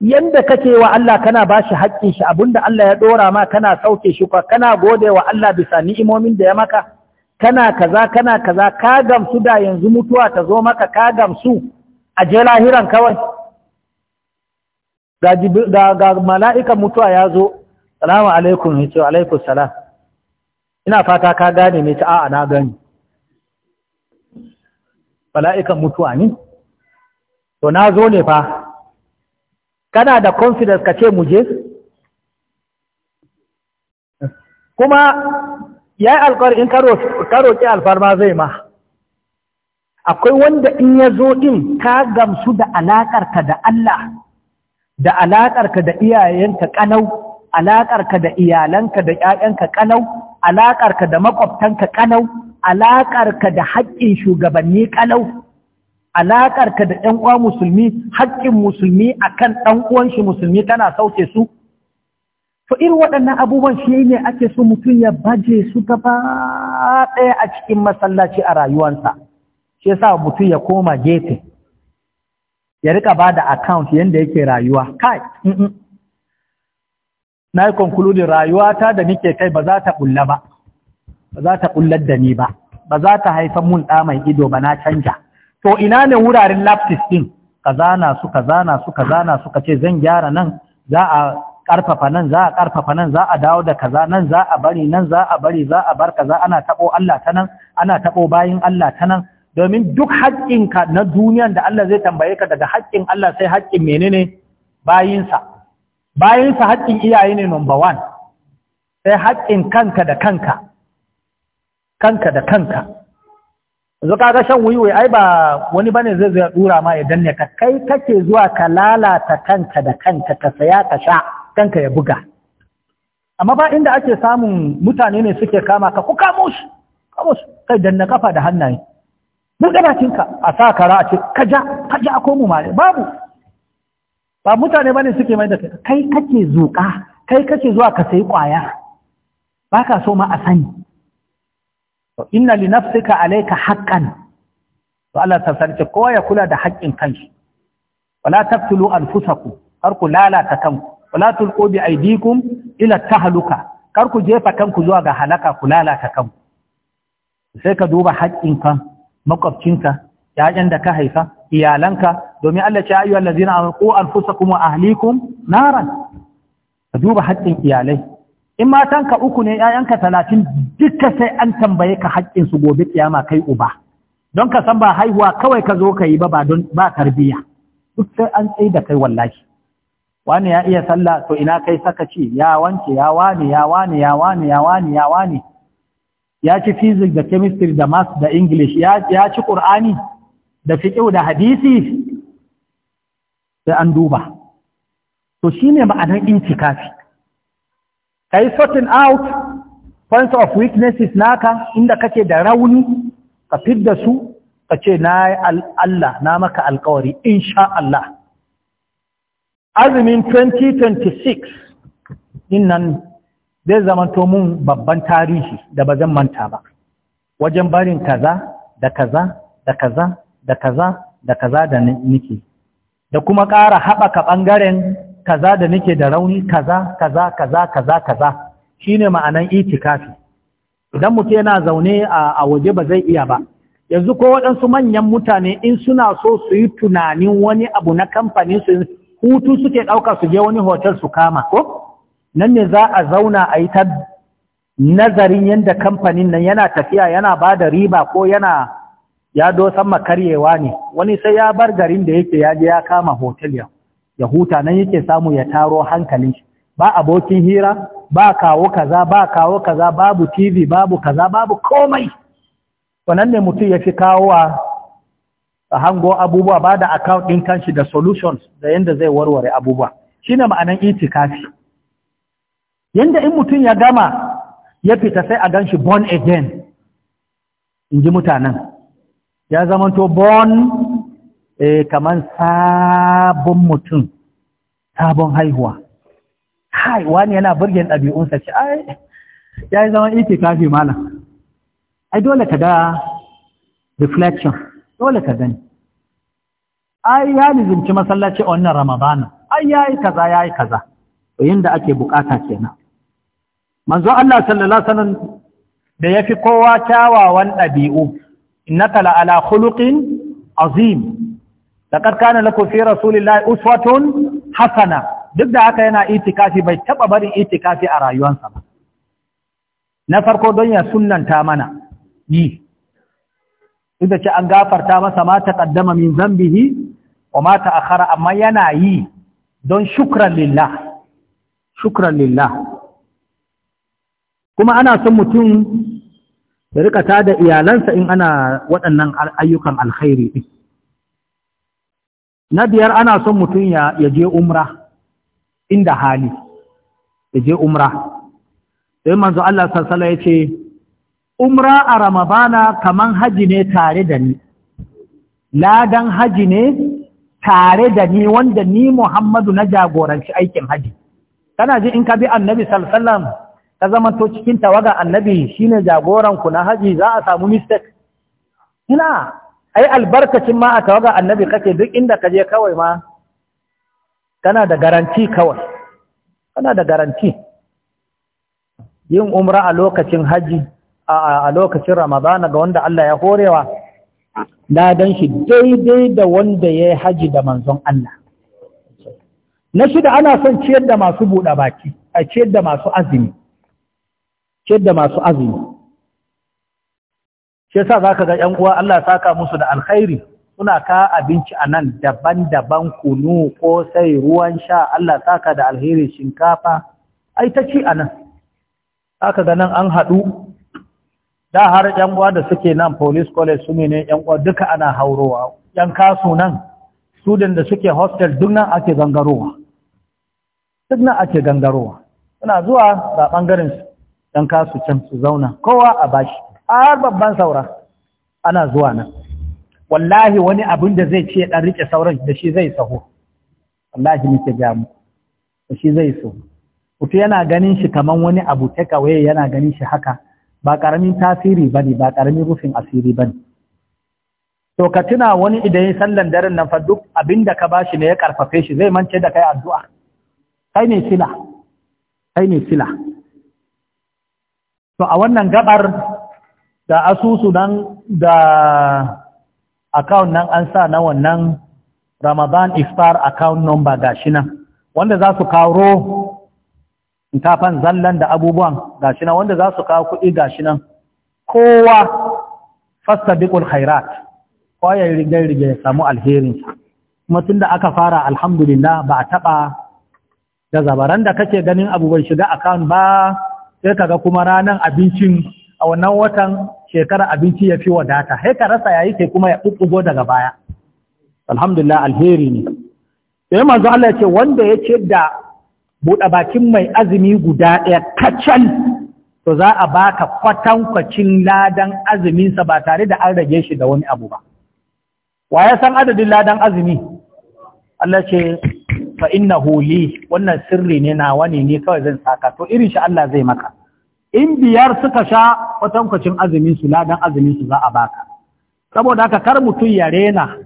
yanda kake wa Allah kana bashi haƙƙin shi abinda Allah ya ɗora ma kana sauke shi kwa kana gode wa Allah bisa ni'imomin da ya maka kana kaza kana kaza ka gamsu da yanzu mutuwa ta zo maka ka gamsu a je lahiran kawai ga ga mala'ikan mutuwa ya zo salamu alaikum ya alaikum salam ina fata ka gane ne ta a'a na gani mala'ikan mutuwa ne to na zo ne fa kana da confidence ka ce mu je kuma ya yi alkawar in karo roƙi alfarma zai ma akwai wanda in ya zo ɗin ka gamsu da alaƙarka da Allah da alaƙarka da iyayenka ƙanau alaƙarka da iyalanka da ‘ya'yanka ƙanau alaƙarka da maƙwabtanka ƙanau alaƙarka da haƙƙin shugabanni ƙanau alaƙarka da ‘yan uwa musulmi haƙƙin musulmi akan ɗan uwan shi musulmi tana sauke su to irin waɗannan abubuwan shi ne ake so mutum ya baje su gaba ɗaya a cikin masallaci a rayuwarsa shi yasa mutum ya koma gefe ya rika ba da account yadda yake rayuwa kai na yi konkuludin rayuwata da nike kai ba za ta ƙulla ba ba za ta ɓullar da ni ba ba za ta haifan mun ɗa mai ido ba na canja to ina ne wuraren laptis ɗin, ka zana su ka zana su ka zana su ka ce zan gyara nan za a karfafa nan za a karfafa nan za a dawo da kaza nan za a bari nan za a bari za a bar kaza ana tabo Allah ta nan ana tabo bayin Allah ta nan domin duk haƙƙinka na duniyan da Allah zai tambaye ka daga haƙƙin Allah sai haƙƙin menene bayinsa bayinsa haƙƙin iyaye ne number one sai haƙƙin kanka da kanka kanka da kanka zuka ga shan wiwi ai ba wani bane zai zai dura ma ya danne ka kai kake zuwa ka lalata kanka da kanka ka saya ka sha kanka ya buga amma ba inda ake samun mutane ne suke kama ka ku kamo shi kamo shi kai danne kafa da hannaye buɗe cinka a sa kara a ce ka ja ka ja ko mu mare babu ba mutane bane suke mai da kai kake zuƙa kai kake zuwa ka sayi ƙwaya ba ka so ma a sani inna li nafsika alayka haqqan to Allah ta sarki kowa ya kula da haƙƙin kanshi wala taqtulu anfusakum kar ku lalata kanku wala tulqu bi aydikum ila tahluka kar ku jefa kanku zuwa ga halaka ku lalata kanku sai ka duba haƙƙinka makwabcinka ‘ya'yan da ka haifa, iyalanka, domin Allah ce ayyuwa lazina a ko alfusa kuma ahlikum naran, ka duba haƙƙin iyalai, in matanka uku ne ‘ya'yanka talatin duka sai an tambaye ka haƙƙinsu gobe kiyama kai uba don ka san ba haihuwa kawai ka zo ka yi ba ba don ba tarbiyya duk sai an tsaye da kai wallahi wani ya iya sallah to ina kai saka ce ya wanke ya wani ya wani ya wani ya wani ya wani ya ci physics da chemistry da maths da english ya ci qur'ani da fiqh da hadisi sai an duba to shine ma'anar intikafi ka yi sorting out points of weaknesses naka inda kake da rauni ka da su ka ce na Allah na maka alkawari insha Allah azumin 2026 din nan zai zamanto mun babban tarihi da ba zan manta ba wajen barin kaza da kaza da kaza da kaza da kaza da niki da kuma ƙara haɓaka ɓangaren kaza da nake da rauni kaza kaza kaza kaza kaza shine ma'anan itikafi idan mutum yana zaune a waje ba zai iya ba yanzu ko waɗansu manyan mutane in suna so su yi tunanin wani abu na kamfanin su hutu suke ɗauka su je wani hotel su kama ko nan ne za a zauna a yi ta nazarin yadda kamfanin nan yana tafiya yana ba da riba ko yana ya dosan makaryewa ne wani sai ya bar garin da yake ya je ya kama hotel yau ya huta nan yake samu ya taro hankalin shi ba abokin hira ba kawo kaza ba kawo kaza babu tv babu kaza babu komai wannan ne mutum ya fi kawo wa hango abubuwa ba da account ɗin kanshi da solutions da yanda zai warware abubuwa shine ma'anan itikafi yanda in mutum ya gama ya fita sai a ganshi born again in ji mutanen ya zamanto born eh kaman sabon mutum sabon haihuwa kai wani yana burgen ɗabi'unsa ce ai ya yi zaman kafi malam ai dole ka da reflection dole ka gani ai ya nizimci masallaci a wannan ramadana ai ya yi kaza ya yi kaza to yadda ake bukata kenan manzo Allah sallallahu alaihi wasallam da yafi kowa kyawawan ɗabi'u innaka la ala khuluqin azim laqad kana lakum fi rasulillahi uswatun hasana duk da haka yana itikafi bai taba barin itikafi a rayuwarsa ba na farko don ya sunnanta mana yi duk da ce an gafarta masa ma kaddama min zambihi wa ma ta'akhara amma yana yi don shukran lillah shukran lillah kuma ana son mutum ya rika da iyalansa in ana waɗannan ayyukan alkhairi na biyar ana son mutum ya je umra inda hali ya je umra sai manzo Allah sassala ya ce umra a ramabana kaman haji ne tare da ni ladan haji ne tare da ni wanda ni Muhammadu na jagoranci aikin haji kana ji in ka bi annabi sallallahu ka zama to cikin tawaga annabi shine jagoranku na haji za a samu mistake ina ai albarkacin ma a tawaga annabi kake duk inda ka je kawai ma kana da garanti kawai kana da garanti yin umra a lokacin haji a lokacin ramadana ga wanda Allah ya horewa na dan shi daidai da wanda ya yi haji da manzon Allah na shida ana son ciyar da masu buɗa baki a ciyar da masu azumi ciyar da masu azumi shi yasa zaka ga ƴan uwa Allah saka musu da alkhairi suna ka abinci a nan daban-daban kunu ko sai ruwan sha Allah saka da alheri shinkafa ai ta ci a nan aka ga nan an haɗu da har ƴan uwa da suke nan police college su ne ƴan uwa duka ana haurowa ƴan kasu nan student da suke hostel duk nan ake gangarowa duk nan ake gangarowa suna zuwa ga ɓangaren su ƴan kasu can su zauna kowa a bashi a babban saura ana zuwa nan wallahi wani abin da zai ce dan rike sauran da shi zai saho wallahi nake ga mu da shi zai so mutu yana ganin shi kaman wani abu take yana ganin shi haka ba karamin tasiri bane ba karamin rufin asiri bane to ka tuna wani idan ya sallan daren nan fa duk abinda ka bashi ne ya karfafe shi zai mance da kai addu'a kai ne sila kai ne sila to a wannan gabar da asusu nan da account nan an sa na wannan Ramadan iftar account number gashi nan wanda za su kawo tafan zallan da abubuwan gashi nan wanda za su kawo kuɗi gashi nan kowa fastabiqul khairat kowa ya rige ya samu alherinsa. kuma tunda aka fara alhamdulillah ba a taɓa da zabaran da kake ganin abu bai shiga account ba sai kaga kuma ranan abincin a wannan watan shekara abinci ya fi wadata sai ka rasa yayi sai kuma ya ɓuɓɓugo daga baya alhamdulillah alheri ne sai manzo Allah ya ce wanda ya ce da buɗe bakin mai azumi guda ɗaya kacal to za a baka kwatankwacin ladan azuminsa ba tare da an rage shi da wani abu ba wa ya san adadin ladan azumi Allah ce fa na holi. wannan sirri ne na wani ne kawai zan saka to irin shi Allah zai maka in biyar suka sha kwatankwacin azumin su ladan azumin su za a baka saboda haka kar mutum ya rena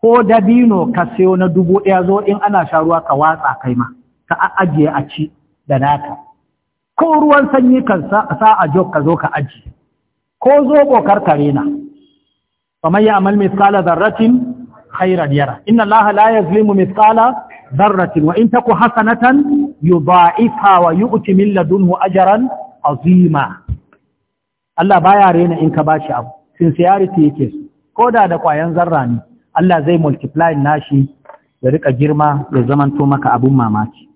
ko dabino ka sayo na dubu ɗaya zo in ana sha ruwa ka watsa kai ma ka ajiye a ci da naka ko ruwan sanyi kan sa a jok ka zo ka ajiye ko zo kar ka rena kamar ya amal miskala zarratin khairan yara inna allaha la yazlimu miskala zarratin wa in taku hasanatan yudha'ifha wa yu'ti min ladunhu ajran azima Allah baya rena in ka bashi abu sincerity yake su ko da da kwayan zarra ne Allah zai multiply nashi ya rika girma ya zamanto maka abun mamaki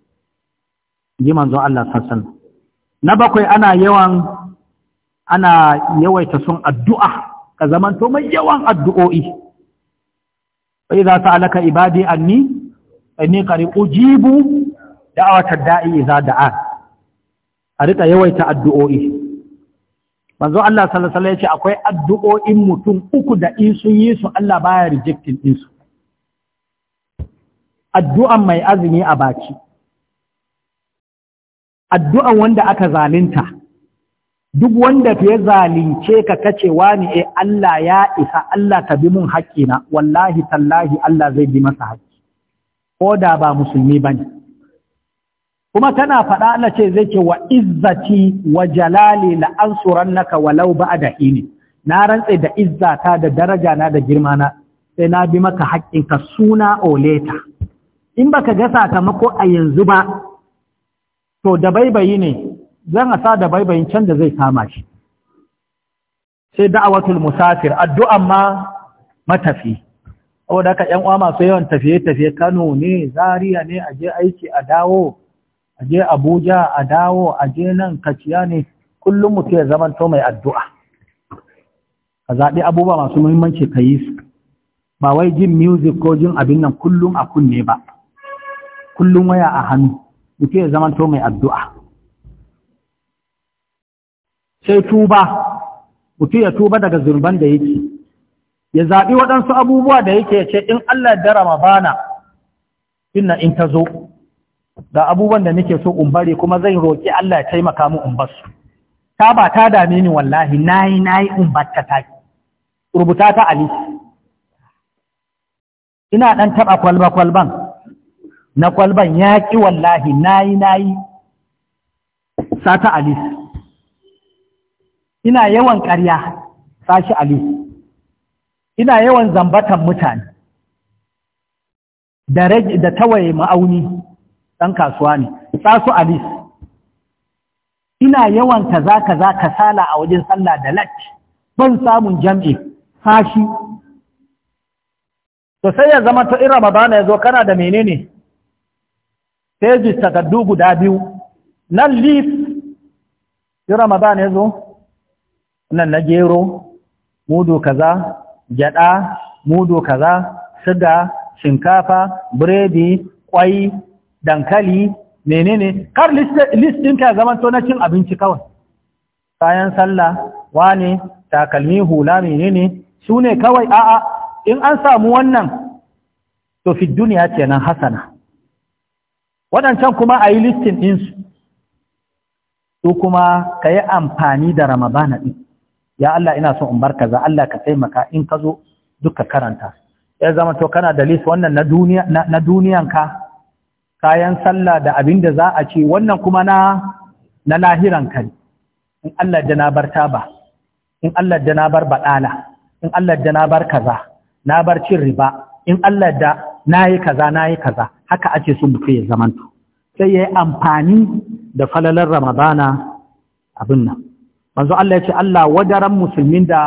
ji manzon Allah sallallahu na bakwai ana yawan ana yawaita sun addu'a ka to mai yawan addu'o'i wai za ta alaka ibadi anni anni qari ujibu da'awata da'i idza da'a a rika yawaita addu'o'i manzo Allah salasala ya ce akwai addu'o'in mutum uku da in sun yi su Allah baya rejecting din su addu'an mai azumi a baki addu'an wanda aka zalinta duk wanda fiye zalince ka kace ne e eh, Allah ya isa Allah ka bi mun haƙƙina wallahi tallahi Allah zai bi masa haƙƙi ko da ba musulmi ba ne. kuma tana faɗa Allah ce zai ce wa izzati wa jalali la ansurannaka walau ba'da ini na rantse da izzata da daraja na da girma na sai na bi maka haƙƙinka suna oleta in baka ga sakamako a yanzu ba to da baibayi ne zan asa da baibayin can da zai kama shi sai da'awatul musafir addu'an ma matafi saboda haka 'yan uwa masu yawan tafiye-tafiye Kano ne Zaria ne a je aiki a dawo a je abuja a dawo a je nan kaciya ne kullum mutu ya to mai addu'a ka zaɓi abubuwa masu muhimmanci ka yi su ba wai jin music ko jin abin nan kullum a kunne ba kullum waya a hannu mutu ya to mai addu'a sai tuba mutu ya tuba daga zurban da yake ya zaɓi waɗansu abubuwa da yake ya ce in Allah ya dara ma bana inna in ta zo da abubuwan da nake so in bari kuma zan roƙi Allah ya taimaka mu in basu ta ba ta dame ni wallahi nayi nayi in batta ta rubuta ta ali ina dan taba kwalba kwalban na kwalban ya ki wallahi nayi nayi ta ali ina yawan ƙarya sashi ali ina yawan zambatan mutane da tawaye ma'auni ɗan kasuwa ne tsasu alis ina yawan kaza kaza kasala a wajen sallah da lat ban samun jam'i fashi to sai ya zama to in ramadana ya zo kana da menene Fejis takardu guda biyu nan leaf in ramadana ya zo nan na gero mudu kaza gyada mudu kaza shiga, shinkafa biredi kwai dankali menene kar list ɗin ka zama to na cin abinci kawai kayan sallah wane takalmi hula menene su ne kawai a'a in an samu wannan to fi duniya ce nan hasana waɗancan kuma a yi listin ɗinsu su kuma ka yi amfani da ramadana ɗin ya Allah ina son in barka za Allah ka taimaka in ka zo duka karanta ya zama to kana da list wannan na duniyanka kayan sallah da abin da za a ce wannan kuma na na lahiran kai in Allah da na bar taba in Allah da na bar badala in Allah da na bar kaza na bar cin riba in Allah da na yi kaza na yi kaza haka ake so mutum ya zamanto sai ya yi amfani da falalar ramadana abin nan manzo Allah ya ce Allah wadaran musulmin da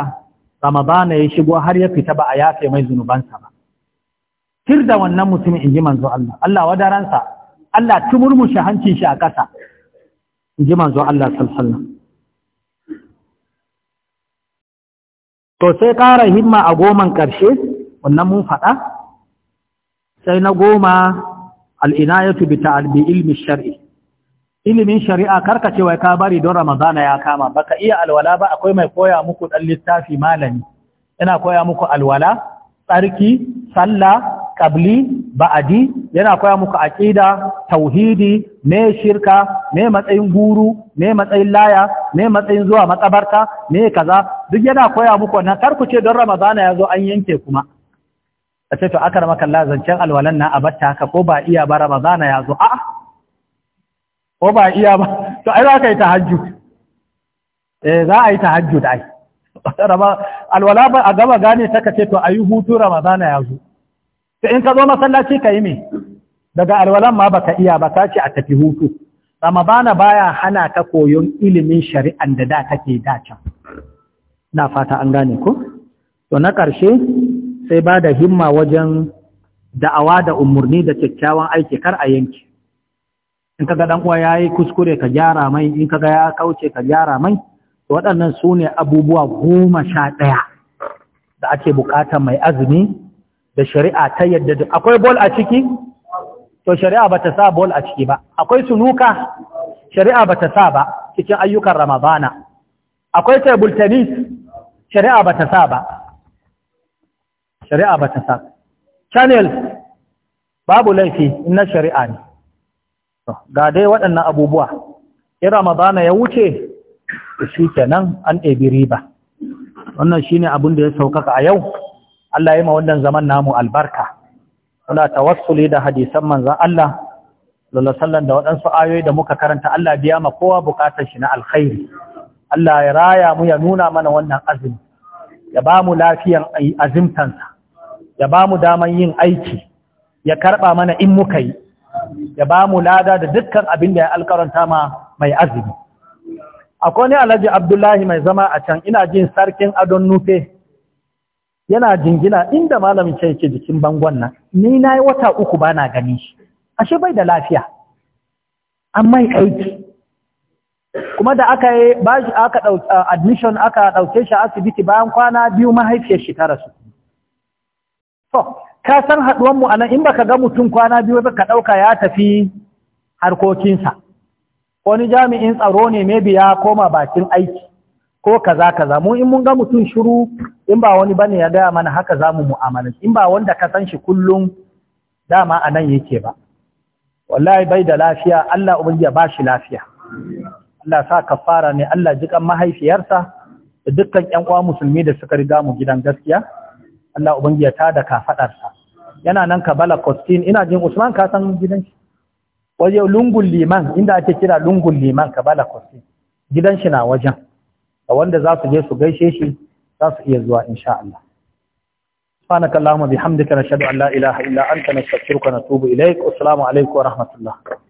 ramadana ya shigo har ya fita ba a yafe mai zunubansa ba tir da wannan mutumin in ji manzo Allah Allah wadaransa Allah tumurmushe hancin shi a ƙasa in ji manzo Allah sallallahu to sai ƙara himma a goman ƙarshe wannan mun faɗa sai na goma al'inayatu bi ta'albi ilmi shari'i ilimin shari'a karkace wai ka bari don ramadana ya kama baka iya alwala ba akwai mai koya muku ɗan littafi malami yana koya muku alwala tsarki sallah Kabli, ba'adi yana koya muku aqida tauhidi me shirka me matsayin guru me matsayin laya me matsayin zuwa matsabarka me kaza duk yana koya muku wannan kar ku ce don ramadana yazo an yanke kuma a ce to aka ramaka Allah zancen alwalan na abatta haka ko ba iya ba ramadana yazo a'a ko ba iya ba to ai za ka yi tahajjud eh za a yi tahajjud ai alwala ba a gaba gane saka ce to ayi hutu ramadana yazo sai in ka zo masallaci ka yi me daga alwalan ma baka iya ba ka ce a tafi hutu ramadana baya hana ta koyon ilimin shari'an da da kake da can na fata an gane ku. to na ƙarshe sai ba da himma wajen da'awa da umarni da kyakkyawan aiki kar a yanki in ka ga dan uwa yayi kuskure ka gyara mai in ka ga ya kauce ka gyara mai to waɗannan sune abubuwa goma sha ɗaya da ake buƙatar mai azumi da shari'a ta yadda da akwai bol a ciki to shari'a ba sa bol a ciki ba akwai sunuka shari'a ba sa ba cikin ayyukan ramadana akwai table tennis shari'a ba sa ba shari'a ba sa channel babu laifi na shari'a ne ga dai waɗannan abubuwa in ramadana ya wuce shi kenan an ebi riba wannan shine abin da ya saukaka a yau Allah ya ma wannan zaman namu albarka muna tawassuli da hadisan manzon Allah sallallahu da waɗansu ayoyi da muka karanta Allah biya ma kowa bukatar shi na alkhairi Allah ya raya mu ya nuna mana wannan azumi ya ba mu lafiyan azimtansa ya ba mu daman yin aiki ya karɓa mana in muka yi ya ba mu lada da dukkan abin da ya alkaranta ma mai azumi akwai ne alhaji abdullahi mai zama a can ina jin sarkin adon nufe yana jingina inda malamin ce yake jikin bangon nan ni na yi wata uku ba na gani shi ashe bai da lafiya an mai aiki kuma da aka yi aka admission aka ɗauke shi asibiti bayan kwana biyu mahaifiyar shi ta rasu to ka san haɗuwar mu anan in baka ga mutum kwana biyu ba ka ɗauka ya tafi harkokinsa wani jami'in tsaro ne maybe ya koma bakin aiki ko kaza kaza mu in mun ga mutum shiru in ba wani bane ya gaya mana haka zamu muamala in ba wanda ka san shi kullum dama a anan yake ba wallahi bai da lafiya Allah ubangi ya bashi lafiya Allah sa kafara ne Allah jikan mahaifiyarsa da dukkan ƴan uwa musulmi da suka riga mu gidan gaskiya Allah ubangi ya tada sa yana nan Kabala Kostin ina jin Usman ka san gidan shi waje lungun liman inda ake kira lungun liman Kabala Kostin gidan shi na wajen da wanda za su je su gaishe shi za su iya zuwa insha Allah سبحانك اللهم بحمدك نشهد أن لا إله إلا أنت نستغفرك ونتوب إليك والسلام عليكم ورحمة الله